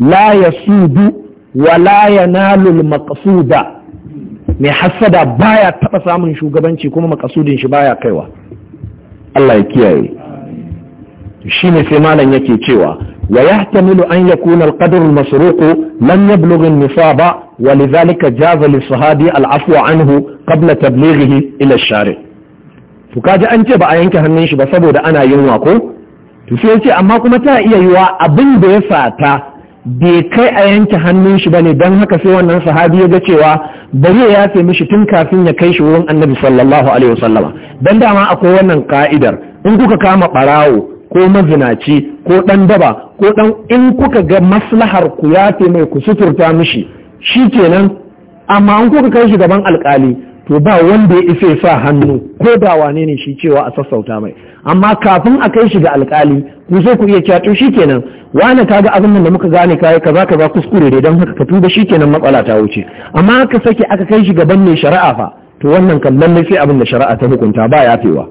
la yasudu wa la maqsuda mai hasada baya taba samun shugabanci kuma makasudin shi baya kaiwa Allah ya kiyaye shi ne sai malam yake cewa wa yahtamilu an yakuna al-qadr lam yablugh nisaba wa lidhalika jaza lis-sahabi al-afwa anhu qabla tablighihi ila ash-shari' to kaji an ce ba a yanke hannun shi ba saboda ana yunwa ko to sai ce amma kuma ta iya yiwa abin da ya sata bai kai a yanke hannun shi bane don haka sai wannan sahabi ya ga cewa bari ya yafe mishi tun kafin ya kai shi wurin annabi sallallahu alaihi wasallama dan dama akwai wannan ka'idar in kuka kama barawo ko mazinaci ko dan daba ko dan in kuka ga maslahar ku yafe mai ku suturta mishi shi shikenan amma in kuka kai shi gaban alkali to ba wanda ya ife sa hannu ko da wane ne shi cewa a sassauta mai amma kafin a kai shi ga alkali ku sai ku iya kyato shi kenan wani kaga abin da muka gane kai kaza kaza kuskure dai dan haka ka tuba shi kenan matsala ta wuce amma ka sake aka kai shi gaban ne shari'a fa to wannan kan lalle sai abin da shari'a ta hukunta ba ya yafewa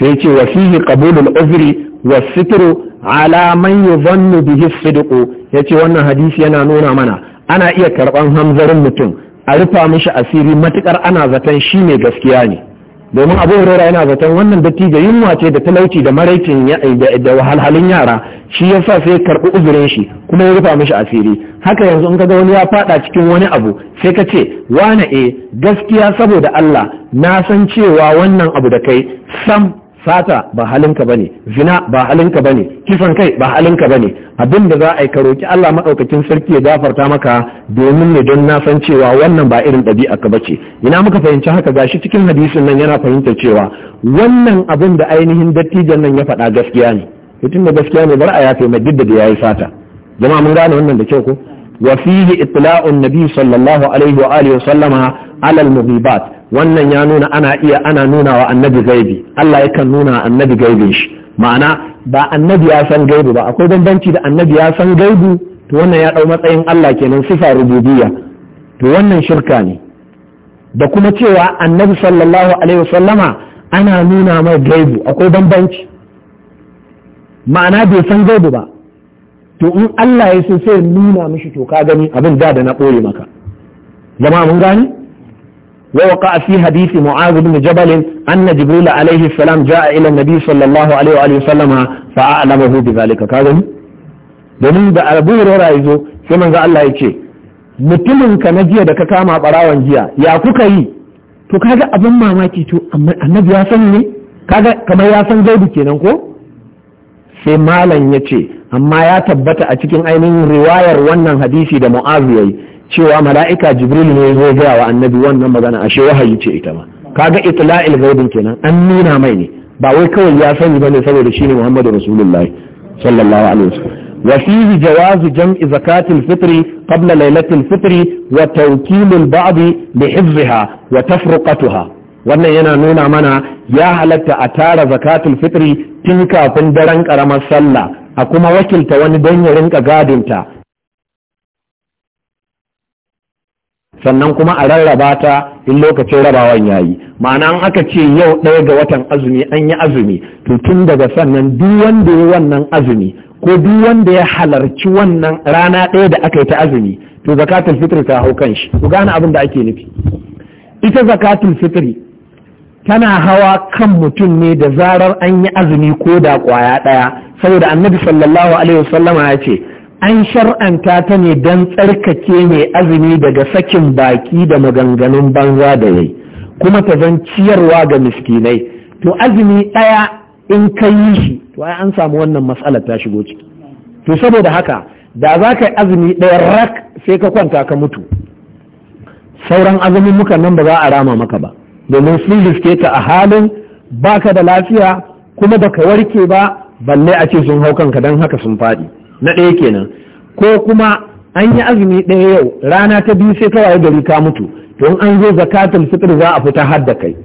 sai ce wa fihi qabulul uzri wa sitru ala man yuzannu bihi sidqu yace wannan hadisi yana nuna mana ana iya karban hamzarin mutum a rufa mishi asiri matukar ana zaton shi mai gaskiya ne domin abu hurera yana zaton wannan dattijo yunwa ce da talauci da maraicin da wahalhalin yara shi ya sa sai karɓi uzurin shi kuma ya rufa mishi asiri haka yanzu in ka ga wani ya fada cikin wani abu sai ka ce wane e gaskiya saboda Allah na san cewa wannan abu da kai sam sata ba halinka bane zina ba halinka bane kisan kai ba halinka bane abin da za a yi ka roki Allah maɗaukacin sarki ya gafarta maka domin ne don na san cewa wannan ba irin ɗabi'a ka bace ina muka fahimci haka gashi cikin hadisin nan yana fahimta cewa wannan abin da ainihin dattijan nan ya faɗa gaskiya ne mutum da gaskiya ne bar a yafe mai duk da yi sata jama'a mun gane wannan da kyau ko wa fihi itla'un nabi sallallahu alaihi wa alihi wa sallama alal mughibat wannan ya nuna ana iya ana nuna wa annabi gaibi Allah yakan nuna annabi gaibin shi ma'ana ba annabi ya san gaibu ba akwai bambanci da annabi ya san gaibu to wannan ya dau matsayin Allah kenan sifa rububiyya to wannan shirka ne da kuma cewa annabi sallallahu alaihi wasallama ana nuna mai gaibu akwai bambanci ma'ana bai san gaibu ba to in Allah ya so sai nuna mishi to ka gani abin da da na ɓoye maka zama mun gani ووقع في حديث معاذ بن جبل أن جبريل عليه السلام جاء إلى النبي صلى الله عليه وآله وسلم فأعلمه بذلك كاغني domin da abu hurera zo sai manzo Allah ya ce mutumin ka na jiya da ka kama barawan jiya ya kuka yi to kaga abin mamaki to annabi ya san ne kenan ko sai malam ya ce amma ya tabbata a cikin ainihin riwayar wannan hadisi da mu'aziyai cewa mala'ika jibril ne zai gaya wa annabi wannan magana ashe wahayi ce ita ma kaga itla'il gaibin kenan an nuna mai ne ba wai kawai ya sani bane saboda shine muhammadu rasulullahi sallallahu alaihi wasallam zakatil جواز جمع lailatil الفطر قبل ليلة الفطر وتوكيل البعض wa وتفرقتها wannan yana nuna mana ya halatta a tara zakatul fitri tun kafin daren karamar sallah a kuma wakilta wani don ya rinka gadinta sannan kuma a rarraba ta in lokacin rabawan ya yi. ma'ana an aka ce yau ɗaya ga watan azumi an yi azumi to tun daga sannan duk wanda ya wannan azumi ko duk wanda ya halarci wannan rana ɗaya da aka yi ta azumi to zakatul fitri ta hau kan shi ku gane abin da ake nufi ita zakatul fitri tana hawa kan mutum ne da zarar an yi azumi ko da ƙwaya ɗaya saboda annabi sallallahu alaihi wasallama ya ce an shar'anta ta ne don tsarkake mai azumi daga sakin baki da maganganun banza da yai kuma ta zan ciyarwa ga miskinai to azumi ɗaya in ka yi shi to ai an samu wannan matsalar ta shigo ciki to saboda haka da za ka yi azumi ɗaya rak sai ka kwanta ka mutu sauran azumin muka nan ba za a rama maka ba domin sun riske ka a halin baka da lafiya kuma baka warke ba balle a ce sun hau kanka don haka sun faɗi na ɗaya kenan ko kuma an yi azumi ɗaya yau rana ta biyu sai kawai gari ka mutu to an zo zakatul fitr za a fita har da kai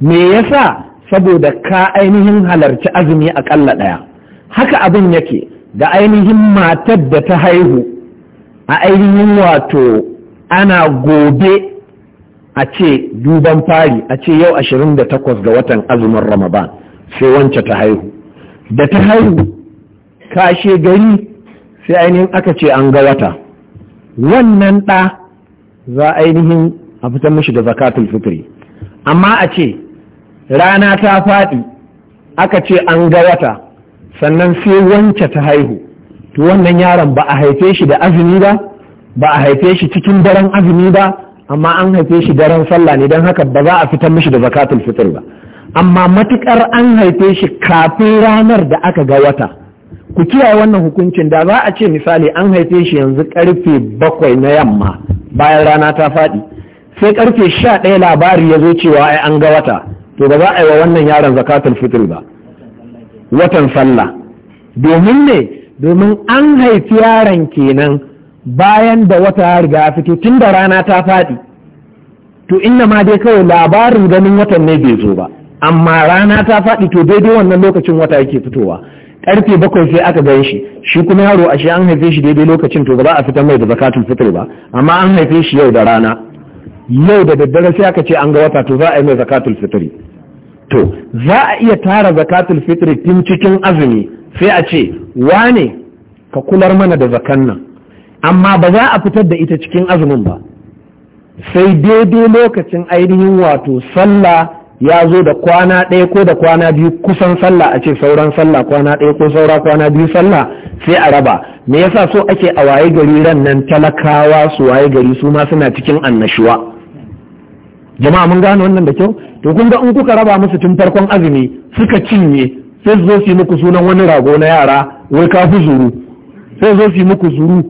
me yasa saboda ka ainihin halarci azumi a ƙalla ɗaya haka abin yake da ainihin matar da ta haihu a ainihin wato ana gobe a ce duban fari a ce yau 28 ga watan azumin ramadan sai wance ta haihu da ta haihu kashe gari sai ainihin aka ce an ga wata wannan ɗa za ainihin a fitar mishi da zakatul fitri amma a ce rana ta faɗi aka ce an ga wata sannan sai wance ta haihu to wannan yaron ba a haife shi da azumi ba ba a haife shi cikin daren azumi ba amma an haife shi daren sallah ne don haka ba za a fitar mishi da zakatul fitri ba amma matukar an haife shi kafin ranar da aka ga wata ku kiyaye wannan hukuncin da za a ce misali an haife shi yanzu karfe bakwai na yamma bayan rana ta faɗi sai karfe sha ɗaya labari ya zo cewa ai an ga wata to ba za a yi wa wannan yaron zakatul fitr ba watan sallah domin ne domin an haifi yaron kenan bayan da wata ya riga fito tun da rana ta faɗi to inna ma dai kawai labarin ganin watan ne bai zo ba amma rana ta faɗi to daidai wannan lokacin wata yake fitowa karfe bakwai sai aka gan shi shi kuma yaro ashe an haife shi daidai lokacin to ba za a fitar mai da zakatun fitr ba amma an haife shi yau da rana yau da daddare sai aka ce an ga wata to za a yi mai zakatul fitiri. to za a iya tara zakatul fitiri tun cikin azumi sai a ce wane ka kular mana da zakan nan amma ba za a fitar da ita cikin azumin ba sai daidai lokacin ainihin wato sallah ya zo da kwana ɗaya ko da kwana biyu kusan sallah a ce sauran sallah kwana ɗaya ko saura kwana biyu sallah sai a raba me yasa so ake a waye gari ran nan talakawa su waye gari su ma suna cikin annashuwa jama'a mun gane wannan da kyau to kun ga in kuka raba musu tun farkon azumi suka cinye sai su zo su yi muku sunan wani rago na yara wai ka zuru sai zo su yi muku zuru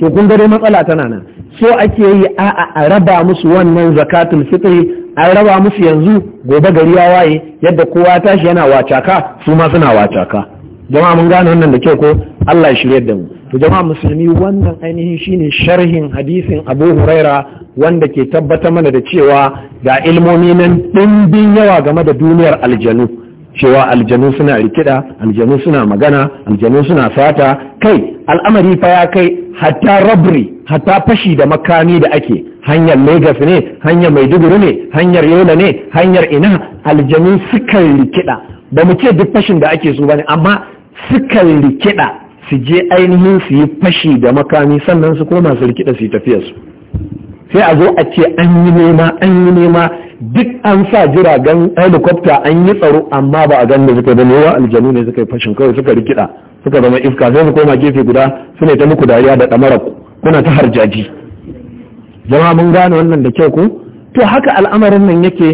to kun ga dai matsala tana nan so ake yi a'a a raba musu wannan zakatul fitri an raba musu yanzu gobe gari ya waye yadda kowa ya tashi yana wacaka su ma suna wacaka jama'a mun gane wannan da kyau ko Allah ya shirye da mu to jama'a musulmi wannan ainihin shine sharhin hadisin Abu Huraira wanda ke tabbatar mana da cewa ga ilmomi nan dimbin yawa game da duniyar aljanu cewa aljanu suna rikida aljanu suna magana aljanu suna fata kai al'amari fa ya kai hatta rabri hatta fashi da makami da ake hanyar lagos ne hanyar maiduguri ne hanyar yola ne hanyar ina aljanu sukan rikida ba mu ce duk fashin da ake so ba ne amma sukan rikida su je ainihin su yi fashi da makami sannan su koma su rikida su yi tafiyarsu sai a zo a ce an yi nema an yi nema duk an sa jiragen helicopter an yi tsaro amma ba a gan da suka yi ba ne wa aljanu ne suka yi fashin kawai suka rikida suka zama iska sai su koma gefe guda su ta muku dariya da ɗamara kuna ta harjaji zama mun gane wannan da kyau ku. to haka al'amarin nan yake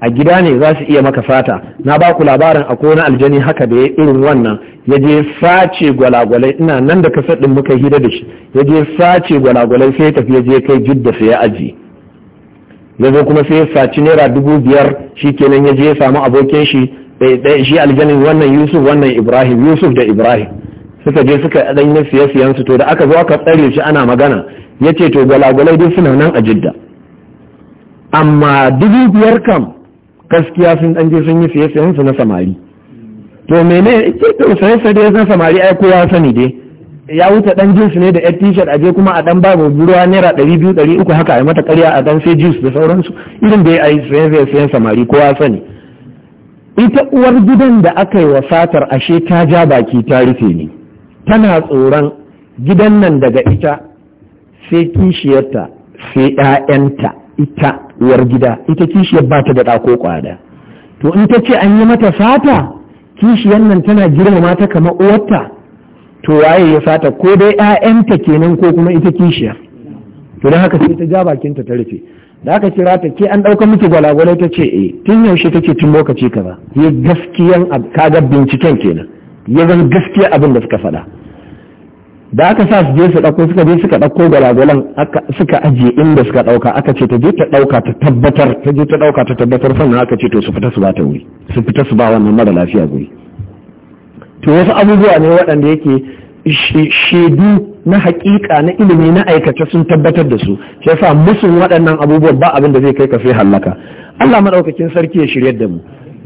a gida ne za su iya maka fata na ba ku labarin a kona aljani haka da ya irin wannan ya je sace gwalagwalai ina nan da kasar ɗin muka hira da shi ya je sace gwalagwalai sai tafi ya je kai jidda sai ya aji ya zo kuma sai ya saci naira dubu biyar shi kenan ya je ya samu abokin shi ɗaya shi aljanin wannan yusuf wannan ibrahim yusuf da ibrahim suka je suka dan yi siye su to da aka zo aka tsare shi ana magana ya ce to gwalagwalai duk suna nan a jidda amma dubu biyar kam gaskiya sun dan je sun yi siye su na samari to mene ce to sai sai na samari ai kowa sani dai ya wuce dan jeans ne da t-shirt aje kuma a dan babu ruwa naira ɗari biyu ɗari uku haka a mata karya a dan sai jins da sauransu irin da ya yi sai samari kowa sani ita uwar gidan da aka yi wa fatar ashe ta ja baki ta rufe ne tana tsoron gidan nan daga ita sai kishiyarta sai 'ya'yanta ita uwar gida ita kishiyar ba ta da ɗako kwada to in ta ce an yi mata fata kishiyar nan tana girmama ta kamar uwarta to waye ya fata ko dai 'ya'yanta kenan ko kuma ita kishiyar to don haka sai ta ja bakinta ta rufe da aka kira ta ke an ɗauka miki gwalagwalai ta ce eh tun yaushe take tun lokaci kaza ya gaskiyan kaga binciken kenan ya zan gaskiya abin da suka faɗa da aka sa su je su ɗauko suka je suka ɗauko gwalagwalan suka ajiye inda suka ɗauka aka ce ta je ta ɗauka ta tabbatar ta je ta ɗauka ta tabbatar sannan aka ce to su fita su ba ta wuri su fita su ba wannan mara lafiya guri to wasu abubuwa ne waɗanda yake shaidu na hakika na ilimi na aikace sun tabbatar da su shi sa musun waɗannan abubuwan ba abin da zai kai ka sai hallaka Allah madaukakin sarki ya shirye da mu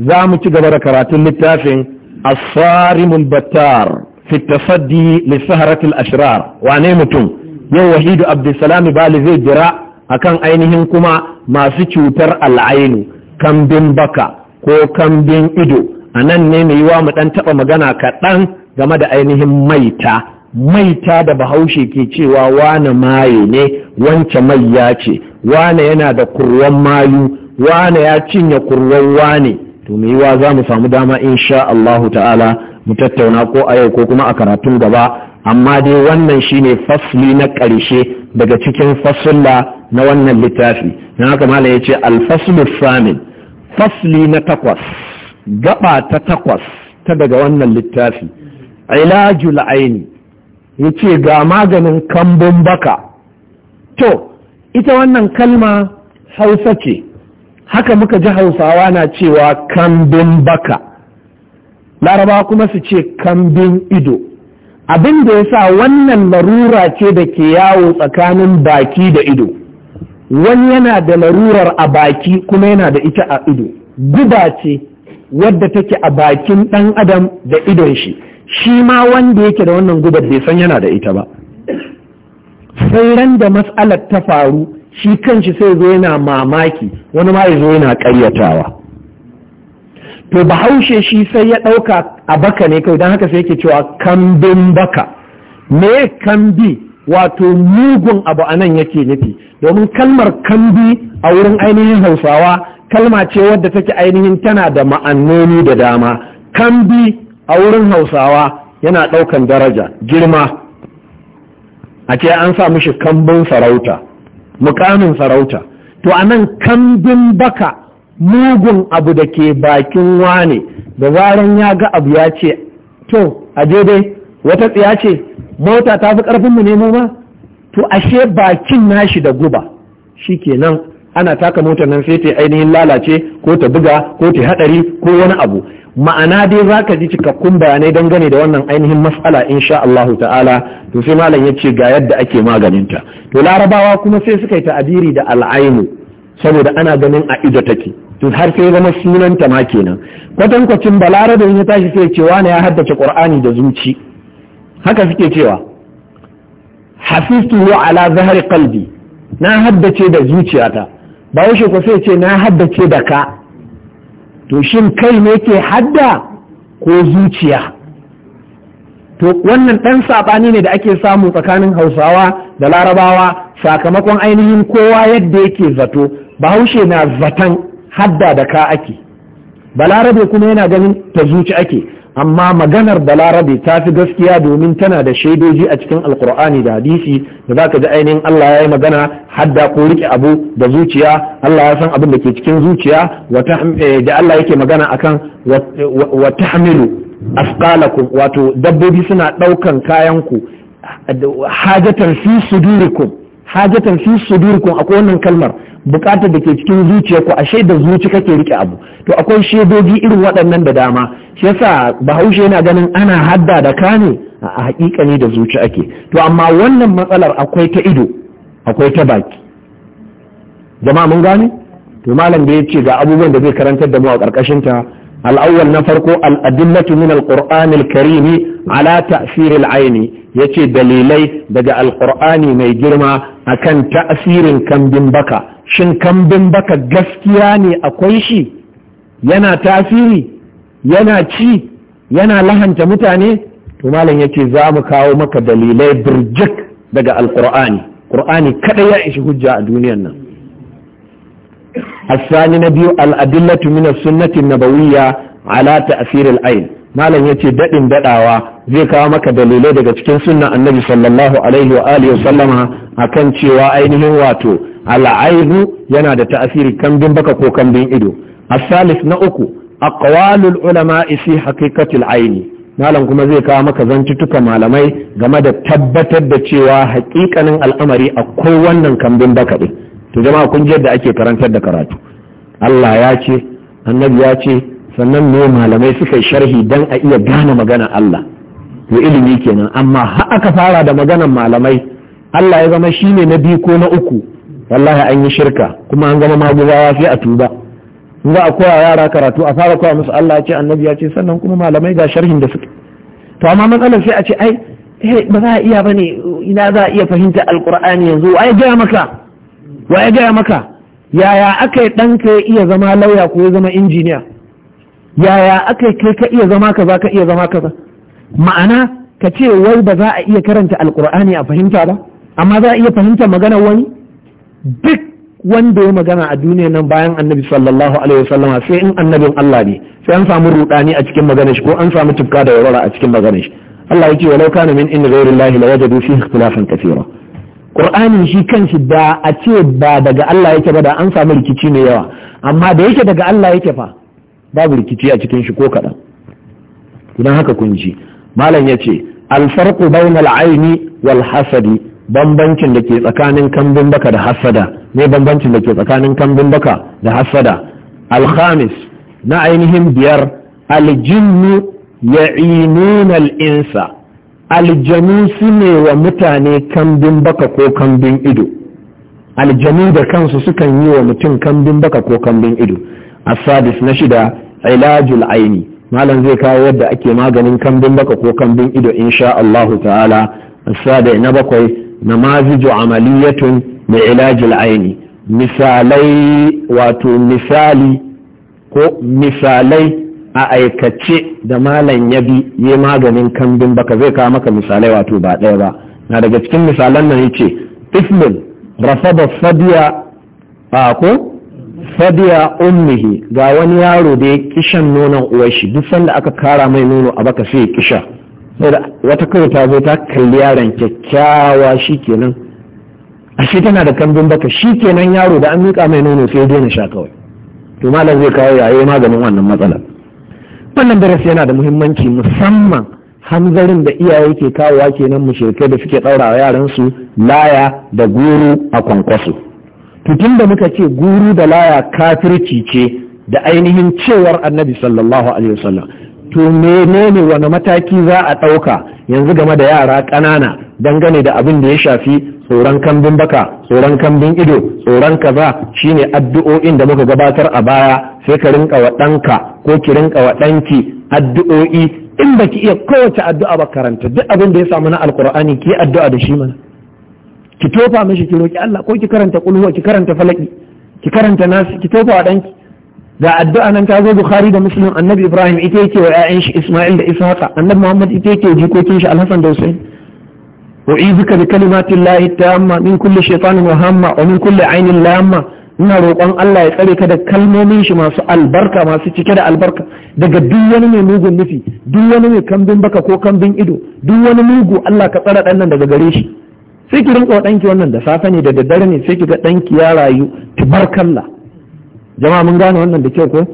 za mu ci gaba da karatun littafin as-sarimul battar fi tasaddi li saharatil ashrar wane mutum yau wahidu abdulsalam bali zai jira akan ainihin kuma masu cutar al'ainu kambin baka ko kambin ido a nan ne mai yiwa mu dan taba magana kaɗan game da ainihin maita maita da bahaushe ke cewa wane maye ne wance mai ya ce wane yana da kurwan mayu wane ya cinye kurwan wane to mai yiwa za mu samu dama insha Allahu ta'ala mu tattauna ko a yau ko kuma a karatun gaba amma dai wannan shine fasli na ƙarshe daga cikin fasulla na wannan littafi na haka mala ya samin fasli na takwas gaba ta takwas ta daga wannan littafi ilajul aini ce ga maganin kambun baka to ita wannan kalma hausa ce haka muka ji hausawa na cewa kambin baka laraba kuma su ce kambin ido abin da ya sa wannan larura ce da ke yawo tsakanin baki da ido wani yana da larurar a baki kuma yana da ita a ido guba ce wadda take a bakin ɗan adam da idon shi shi ma wanda yake da wannan gubar bai san yana da ita ba sai ran da matsalar ta faru shi kanshi sai zo yana mamaki wani ma ya zo yana ƙaryatawa to bahaushe shi sai ya ɗauka a baka ne kai don haka sai yake cewa kambin baka me kambi wato mugun abu a nan yake nufi domin kalmar kambi a wurin ainihin hausawa kalma ce wadda take ainihin tana da ma'annoni da dama kambi a wurin hausawa yana ɗaukan daraja girma a ce an sa mishi kambin sarauta mukamin sarauta to a nan kambin baka mugun abu da ke bakin wane da zaran ya ga abu ya ce to a dai wata tsiya ce mota ta fi ƙarfinmu ne ma to ashe bakin nashi da guba shi kenan ana taka motar nan sai ta yi ainihin lalace ko ta buga ko ta hadari ko wani abu ma'ana dai za ka ji cikakkun bayanai dangane da wannan ainihin matsala insha Allah ta'ala to sai malam ya ce ga yadda ake maganinta to larabawa kuma sai suka yi ta'abiri da al'ainu saboda ana ganin a ido take to har sai zama sunanta ma kenan kwatankwacin Balarabe ya tashi sai cewa na ya haddace qur'ani da zuci haka suke cewa hafistu ala zahri qalbi na haddace da zuciyata ba wuce ku sai ce na haddace da ka to shin kai ne ke hadda ko zuciya to wannan dan saɓani ne da ake samu tsakanin hausawa da larabawa sakamakon ainihin kowa yadda yake zato bahaushe na zaton hadda da ka ake balarabe kuma yana ganin ta zuci ake amma maganar balarabe ta fi gaskiya domin tana da shaidoji a cikin alkur'ani da hadisi da zaka ji ainihin Allah ya yi magana hadda ko rike abu da zuciya Allah ya san abin da ke cikin zuciya eh, da Allah yake magana akan wa tahmilu asqalakum wato dabbobi suna daukan kayan ku hajatan fi sudurikum hajatan fi sudurkum akwai wannan kalmar bukatar da ke cikin zuciyarku a da zuci kake rike abu to akwai shaidoji irin waɗannan da dama shi yasa bahaushe yana ganin ana hadda da kane a haƙiƙa ne da zuci ake to amma wannan matsalar akwai ta ido akwai ta baki jama'a mun gane to malam da ya ce ga abubuwan da zai karantar da mu a ƙarƙashin ta al'awwal na farko al'adillatu min alqur'ani Karimi ala ta'sir aini. yace dalilai daga Alƙur'ani mai girma akan ta'sirin kambin baka shin kambin baka gaskiya ne akwai shi yana tasiri yana ci yana lahanta mutane to malam yace za mu kawo maka dalilai birjik daga Alƙur'ani. Ƙur'ani kada ya ishi hujja a duniyar nan الثاني نبي الأدلة من السنة النبوية على تأثير العين malam ya ce daɗin daɗawa zai kawo maka dalilai daga cikin sunnan annabi sallallahu a kan cewa ainihin wato al'aibu yana da ta'asiri kambin baka ko kambin ido a asalis na uku aqwalul ulama fi haqiqatil aini malam kuma zai kawo maka zantuttuka malamai game da tabbatar da cewa haƙiƙanin al'amari akwai wannan kambin baka din to jama'a kun ji yadda ake karantar da karatu Allah ya ce annabi ya ce sannan ne malamai suka yi sharhi dan a iya gane magana Allah to ilimi kenan amma har aka fara da maganar malamai Allah ya zama shine na biyu ko na uku wallahi an yi shirka kuma an gama maguzawa sai a tuba in za a koya yara karatu a fara koya musu Allah ya ce annabi ya ce sannan kuma malamai ga sharhin da suke to amma matsalar sai a ce ai eh, ba za a iya bane ina za a iya fahimta alkur'ani yanzu ai gaya maka wa ya gaya maka yaya aka yi ɗanka ya iya zama lauya ko ya zama injiniya yaya aka yi kai ka iya zama kaza ka iya zama kaza ma'ana ka ce wai ba za a iya karanta alkur'ani a fahimta ba amma za a iya fahimta magana wani duk wanda ya magana a duniya nan bayan annabi sallallahu alaihi wasallama sai in annabin Allah ne sai an samu rudani a cikin maganar shi ko an samu tufka da warwara a cikin maganar shi Allah yake walau kana min in ghairillahi lawajadu fihi ikhtilafan kathira Qur'anin shi kanshi da a ce ba daga Allah yake ba da an samu rikici mai yawa amma da yake daga Allah yake fa babu rikici a cikin shi ko kaɗan idan haka kun ji malam ya ce alfarku bainal aini wal hasadi bambancin da ke tsakanin kambin baka da hasada ne bambancin da ke tsakanin kambin baka da hasada alhamis na ainihin biyar aljinnu ya'inuna al-insa aljanu su ne wa mutane kambin baka ko kambin ido aljanu da kansu sukan yi wa mutum kambin baka ko kambin ido asadis na shida ilajul aini malam zai kawo yadda ake maganin kambin baka ko kambin ido insha Allahu ta'ala asada na bakwai namaziju amaliyatun da ilajul aini misalai wato misali ko misalai a aikace da malam ya bi ya maganin kambin baka zai kawo maka misalai wato ba ɗaya ba na daga cikin misalan nan yace tiflin rafaba fadiya a ko fadiya ummihi ga wani yaro da ya kishan nonon uwar shi duk sanda aka kara mai nono a baka sai ya kisha wata kawai ta zo ta kalli yaron kyakkyawa shikenan ashe tana da kambin baka shikenan yaro da an miƙa mai nono sai ya daina sha kawai to malam zai kawo yaye maganin wannan matsalar wannan darasi yana da muhimmanci musamman hanzarin da iyaye ke kawowa kenan mu mushrikai da suke ɗaura wa yaransu laya da guru a kwankwaso tutun da muka ce guru da laya kafirci ce da ainihin cewar annabi sallallahu alaihi wasallam to menene wani mataki za a ɗauka yanzu game da yara ƙanana dangane da abin da ya shafi tsoron kambin baka tsoron kambin ido tsoron kaza shine addu'o'in da muka gabatar a baya sai ka rinka wa ɗanka ko ki rinka wa ɗanki addu'o'i in baki iya kowace addu'a ba karanta duk abin da ya samu na alkur'ani ki addu'a da shi mana ki tofa mishi ki roki Allah ko ki karanta kulhuwa ki karanta falaki ki karanta nasi ki tofa wa ɗanki Da addu'a nan ta zo Bukhari da Muslim annabi Ibrahim ita yake wa 'ya'yan shi Isma'il da Ishaqa annabi Muhammad ita yake jikokin shi al da Hussein u'izuka bi kalimati ta tamma min kulli shaytanin wa hamma wa min kulli ainin ina rokon Allah ya tsare ka da kalmomin shi masu albarka masu cike da albarka daga duk wani mai mugun nufi duk wani mai kambin baka ko kambin ido duk wani mugu Allah ka tsara ɗan nan daga gare shi sai ki rinƙa ɗanki wannan da safe ne da daddare ne sai ki ga ɗanki ya rayu tubarkalla jama'a mun gane wannan da kyau ko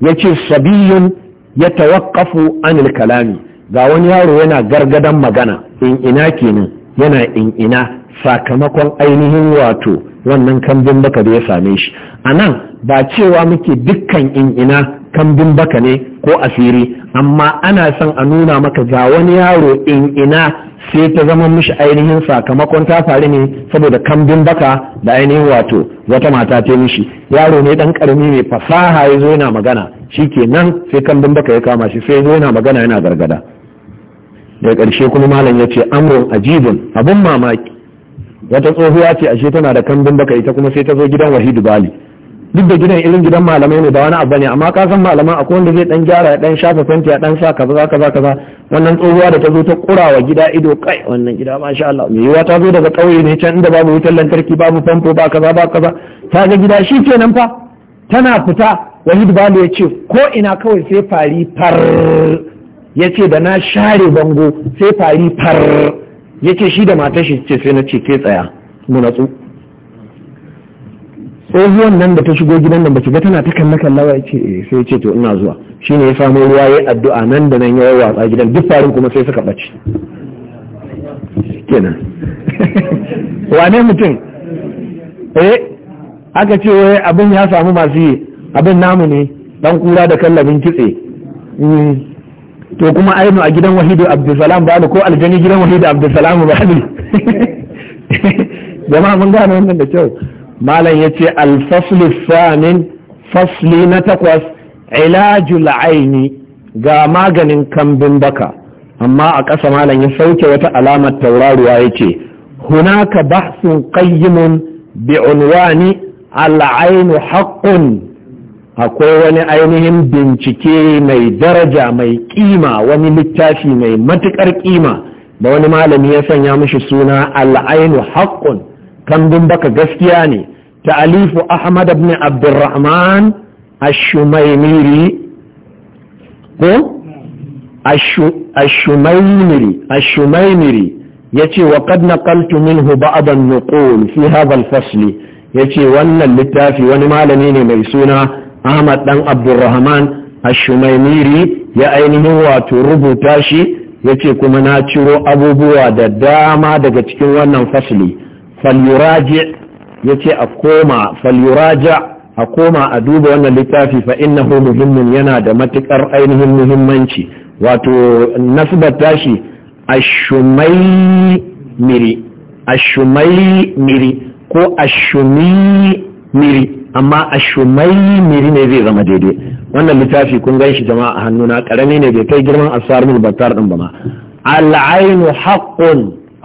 yace sabiyun yatawaqqafu anil kalami ga wani yaro yana gargadan magana in ina kenan yana in ina sakamakon ainihin wato wannan kambin baka da ya same shi a nan ba cewa muke dukkan in ina kambin baka ne ko asiri amma ana son a nuna maka ga wani yaro in ina sai ta zama mishi ainihin sakamakon ta faru ne saboda kambin baka da ainihin wato wata mata ta mishi yaro ne dan karami mai fasaha ya zo yana magana shi kenan sai kambin baka ya kama shi sai ya zo yana magana yana gargada da ƙarshe kuma malam ya ce amrun Ajibin, abun mamaki wata tsohuwa ce ashe tana da kambin baka ita kuma sai ta zo gidan wahidu bali duk da gidan irin gidan malamai ne ba wani abu ne amma ka san malaman akwai wanda zai dan gyara ya dan shafa fenti ya dan sa kaza kaza kaza wannan tsohuwa da ta zo ta kurawa gida ido kai wannan gida masha Allah mai yiwa ta zo daga ƙauye ne can inda babu wutar lantarki babu famfo ba kaza ba kaza ta ga gida shi ke nan fa tana fita wahidu bali ya ce ko ina kawai sai fari far ya ce da na share bango sai fari far ya ce shi da mata shi ce sai na ce ke tsaya mu natsu tsohuwan nan da ta shigo gidan nan baki ga tana ta kalla kalla ya ce eh, sai ce to ina zuwa shine ya samu ruwa yayi addu'a nan da nan ya watsa gidan duk farin kuma sai suka bace kenan *laughs* wane mutum eh aka ce wai abin ya samu masu yi abin namu ne dan kura da kallabin kitse hmm. to kuma ainu a gidan wahidu abdulsalam ba ko aljani gidan wahidu abdulsalam ba ne *laughs* jama'a mun gane wannan da kyau malam yace ce faslu samin fasli na takwas ilajul la'aini ga maganin kambin baka amma a ƙasa malam ya sauke wata alamar tauraruwa yace hunaka bahsun qayyimun bi unwani al-ainu haqqun akwai wani ainihin bincike mai daraja mai kima wani littafi mai matukar kima da wani malami ya sanya mishi suna al'ainu haƙƙun kambun baka gaskiya ne ta alifu ahmad ibn abdurrahman ashumaimiri ko ashumaimiri ya ce wa kad naqaltu minhu ba'dan nuqul fi hadha al-fasl ya ce wannan littafi wani malami ne mai suna ahmad dan abdurrahman ashumaimiri ya ainihin wato rubuta shi yace kuma na ciro abubuwa da dama daga cikin wannan fasli falyuraji ya ce a koma falyuraja a koma a duba wannan littafi fa innahu muhimmin yana da matukar ainihin muhimmanci wato nasbata shi ashumaimiri miri ko ashumimiri amma a miri ne zai zama daidai wannan littafi kun gan shi jama'a a hannuna karami ne bai kai girman asarul battar din ba ma al'ainu haqqun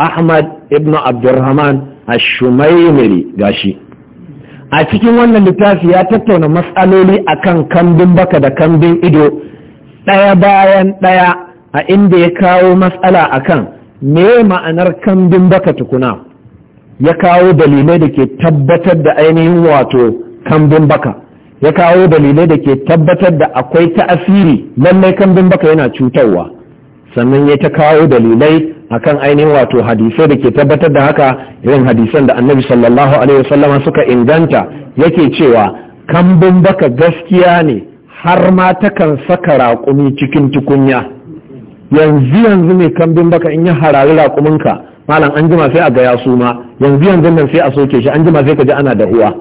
ahmad ibnu abdurrahman ash miri, gashi a cikin wannan littafi ya tattauna matsaloli akan kambin baka da kambin ido ɗaya bayan ɗaya a inda ya kawo matsala akan me ma'anar kambin baka tukuna ya kawo dalilai da ke tabbatar da ainihin wato kambin baka ya kawo dalilai da ke tabbatar da akwai ta'asiri lallai kambin baka yana cutarwa sannan ya ta kawo dalilai akan ainihin wato hadisai da ke tabbatar da haka irin hadisan da annabi sallallahu alaihi wasallama suka inganta yake cewa kambin baka gaskiya ne har ma takan saka raƙumi cikin tukunya yanzu yanzu ne kambin baka in ya harari raƙuminka malam an jima sai a ga suma yanzu yanzu nan sai a soke shi an jima sai ka ji ana da uwa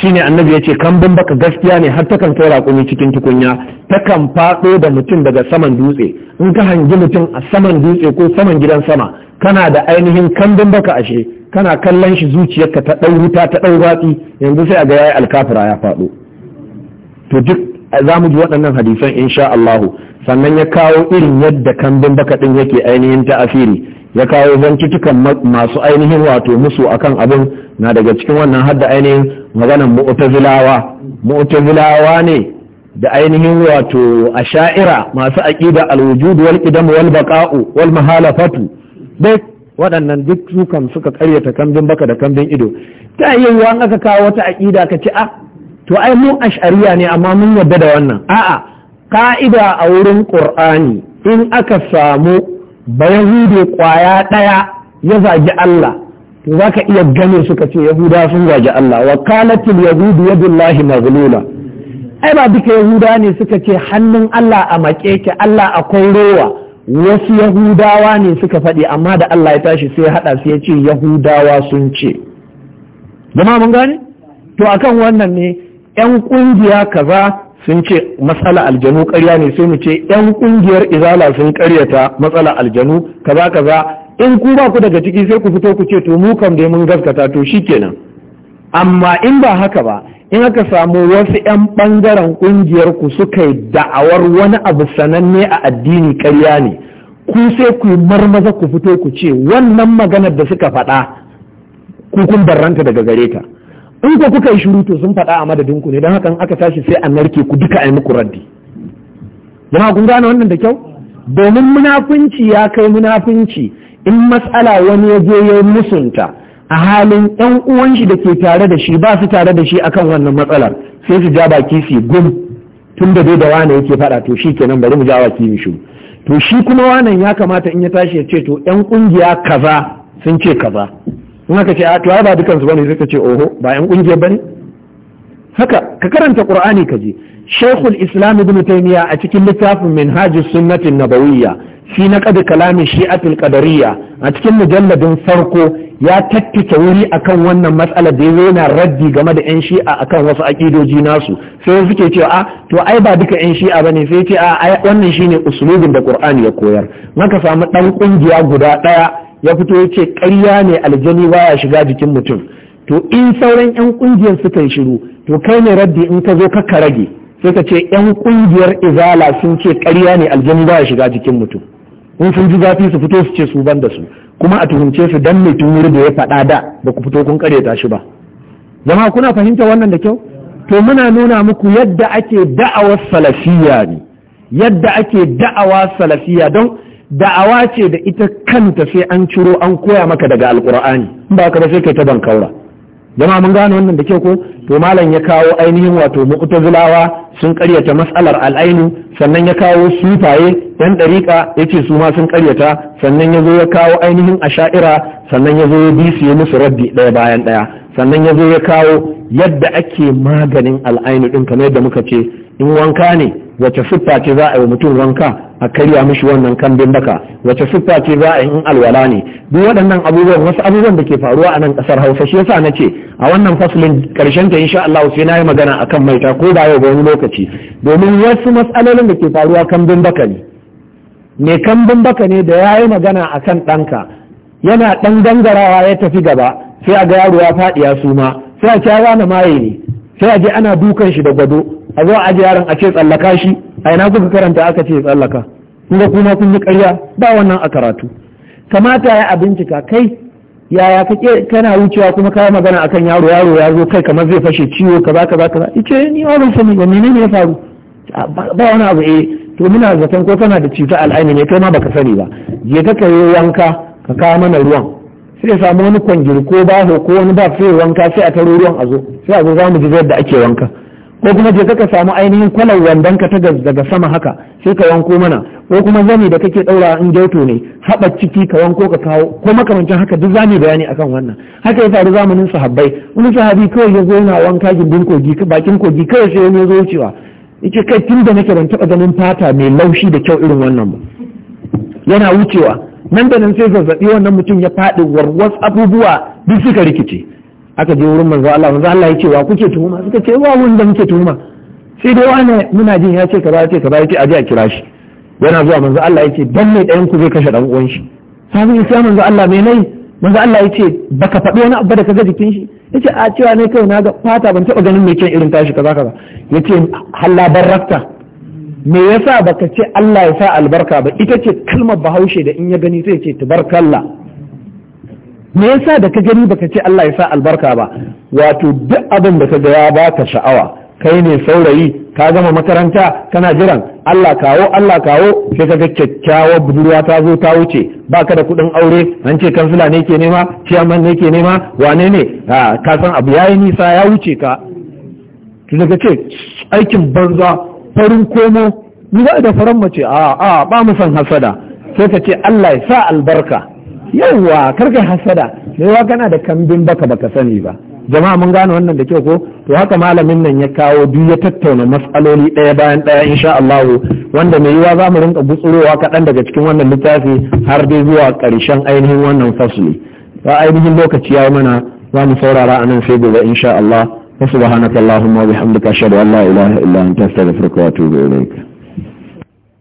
shine annabi ya ce bin baka gaskiya ne har takan kai raƙumi cikin tukunya takan faɗo da mutum daga saman dutse in ka hangi mutum a saman dutse ko saman gidan sama kana da ainihin bin baka ashe kana kallon shi zuciyarka ta ɗau ta ɗau yanzu sai a ga yayi alkafira ya faɗo to duk za mu ji waɗannan hadisan insha Allahu sannan ya kawo irin yadda kambin baka ɗin yake ainihin ta'asiri ya kawo zancitukan masu ainihin wato musu akan abin na daga cikin wannan hadda ainihin maganan mu'tazilawa mu'tazilawa ne da ainihin wato asha'ira masu aqida alwujud wal qidam wal baqa'u wal mahalafatu duk waɗannan duk su kan suka karyata kambin baka da kambin ido ta yi an aka kawo wata aqida ka ce ah, to ai mu ash'ariya ne amma mun yadda da wannan a'a ka'ida a wurin qur'ani in aka samu bayan kwaya ɗaya ya zagi Allah to za ka iya gane suka ce yahuda sun gaji Allah wa kalatil yahudu yadullahi maghlula ai ba duka yahuda ne suka ce hannun Allah a maƙe ki Allah a rowa wasu yahudawa ne suka faɗi amma da Allah ya tashi sai haɗa su ya ce yahudawa sun ce zama mun gane to akan wannan ne yan ƙungiya kaza sun ce matsala aljanu ƙarya ne sai mu ce yan ƙungiyar izala sun ƙaryata matsala aljanu kaza kaza in ku ba ku daga ciki sai ku fito ku ce to mu kam dai mun gaskata to shikenan amma in ba haka ba in aka samu wasu 'yan ɓangaren ƙungiyarku ku suka da'awar wani abu sananne a addini karya ne ku sai ku yi marmaza ku fito ku ce wannan maganar da suka faɗa ku kun barranta daga gare ta in ku kuka yi shiru to sun faɗa a madadin ku ne don haka aka tashi sai a narke ku duka a yi muku raddi jama'a kun gane wannan da kyau domin munafunci ya kai munafunci in matsala wani ya je ya musunta a halin ɗan uwan shi da ke tare da shi ba su tare da shi akan wannan matsalar sai su ja baki su gum tun da dai da wane yake faɗa to shi kenan bari mu ja baki mu shiru to shi kuma wannan ya kamata in ya tashi ya ce to yan kungiya kaza sun ce kaza in aka ce a to ba dukansu bane sai ka ce oho ba yan kungiya bane haka ka karanta qur'ani ka je shekul islam ibn taymiya a cikin littafin minhajus sunnatin nabawiyya fi na kada kalamin shi'atul qadariyya a cikin mujalladin farko ya tattike wuri akan wannan matsalar da yazo yana raddi game da yan shi'a akan wasu aƙidoji nasu sai suke cewa a to ai ba duka yan shi'a ba ne sai ce a ai wannan shine usulubin da Kur'ani ya koyar maka samu ɗan ƙungiya guda ɗaya ya fito yace ƙarya ne aljani baya shiga jikin mutum to in sauran yan ƙungiyar suka yi shiru to kai ne raddi in ka zo ka rage sai ka ce yan kungiyar izala sun ce ƙarya ne aljanu ba ya shiga jikin mutum in sun ji zafi su fito su ce su ban da su kuma a tuhumce su dan mai tumuri da ya faɗa da ba ku fito kun ƙaryata shi ba zama kuna fahimta wannan da kyau to muna nuna muku yadda ake da'awar salafiya ne yadda ake da'awa salafiya don da'awa ce da ita kanta sai an ciro an koya maka daga alkur'ani in ba ka ba sai kai ta bankaura jama'a mun gane wannan da kyau ko to malam ya kawo ainihin wato mu'tazilawa sun karyata matsalar al'ainu sannan ya kawo sufaye yan ɗariƙa ya ce su ma sun karyata sannan ya zo ya kawo ainihin asha'ira sannan ya zo ya bi su ya musu rabbi ɗaya bayan ɗaya sannan ya zo ya kawo yadda ake maganin al'ainu ɗin kamar yadda muka ce in wanka ne wace siffa ce za a yi mutum wanka a karya mishi wannan kambin baka wace siffa ce za a yi in alwala ne duk waɗannan abubuwan wasu abubuwan da ke faruwa a nan ƙasar hausa shi yasa na ce a wannan faslin karshen ta insha Allah sai na yi magana a kan maita ko da yau ga wani lokaci domin wasu matsalolin da ke faruwa kambin baka ne mai kambin baka ne da ya yi magana a kan ɗanka yana ɗan gangarawa ya tafi gaba sai a ga yaro ya faɗi ya suma sai a cewa na maye ne sai a je ana dukan shi da gwado a zo a ji yaron a ce tsallaka shi a ina kuka karanta aka ce tsallaka kun kuma kun yi karya ba wannan a karatu kamata ya bincika kai yaya kake kana wucewa kuma kai magana akan yaro yaro ya zo kai kamar zai fashe ciwo kaza kaza kaza ice ni ma ban sani ba menene ya faru ba wani abu eh to muna zaton ko kana da cuta al'aini ne kai ma baka sani ba je ka kai wanka ka kawo mana ruwan sai samu wani kwangiri ko baho ko wani ba sai wanka sai a taro ruwan a zo sai a zo za mu ji yadda ake wanka ko kuma je ka samu ainihin kwalar wandon ka ta daga sama haka sai ka wanko mana ko kuma zani da kake daura in gyauto ne haba ciki ka wanko ka kawo ko makamancin haka duk zani bayani akan wannan haka ya faru zamanin sahabbai wani sahabi kawai ya zo yana wanka gindin kogi bakin kogi kawai sai ya zo wucewa yake kai tun da nake ban taɓa ganin fata mai laushi da kyau irin wannan ba yana wucewa nan da nan sai zazzaɓi wannan mutum ya faɗi warwas abubuwa duk suka rikice aka je wurin manzo Allah manzo Allah ya ce wa kuke tuhuma suka ce wa mun da muke tuhuma sai dai wani muna jin ya ce kaza ya ce kaza ya ce aje a kira shi yana zuwa manzo Allah ya ce dan ne dayan ku zai kashe dan uwan shi sai ya manzo Allah me nai manzo Allah ya ce baka faɗi wani abu da kaga jikin shi yace a cewa ne kai na ga fata ban taba ganin mai kyan irin tashi kaza kaza yace halla barakta me yasa baka ce Allah ya sa albarka ba ita ce kalmar bahaushe da in ya gani sai ya ce tabarakallah me yasa da ka gani baka ce Allah ya sa albarka ba wato duk abin da ka ga ya baka sha'awa kai ne saurayi ka gama makaranta kana jiran Allah kawo Allah kawo sai ka ga kyakkyawar budurwa ta zo ta wuce baka da kuɗin aure an ce kansila ne ke nema ciyaman ne ke nema wane ne ka san abu yayi nisa ya wuce ka to daga ce aikin banza farin komo ni ba da faran mace a a ba mu san hasada sai ka ce Allah ya sa albarka yauwa karka hasada wa kana da kambin baka baka sani ba jama'a mun gane wannan da kyau ko to haka malamin nan ya kawo duk ya tattauna matsaloli ɗaya bayan ɗaya insha Allah wanda mai yiwa za mu rinka gutsurowa kaɗan daga cikin wannan littafi har dai zuwa ƙarshen ainihin wannan fasli ba ainihin lokaci ya mana za mu saurara anan sai gobe insha Allah wa subhanakallahumma wa bihamdika ashhadu an la ilaha illa anta astaghfiruka wa atubu ilaik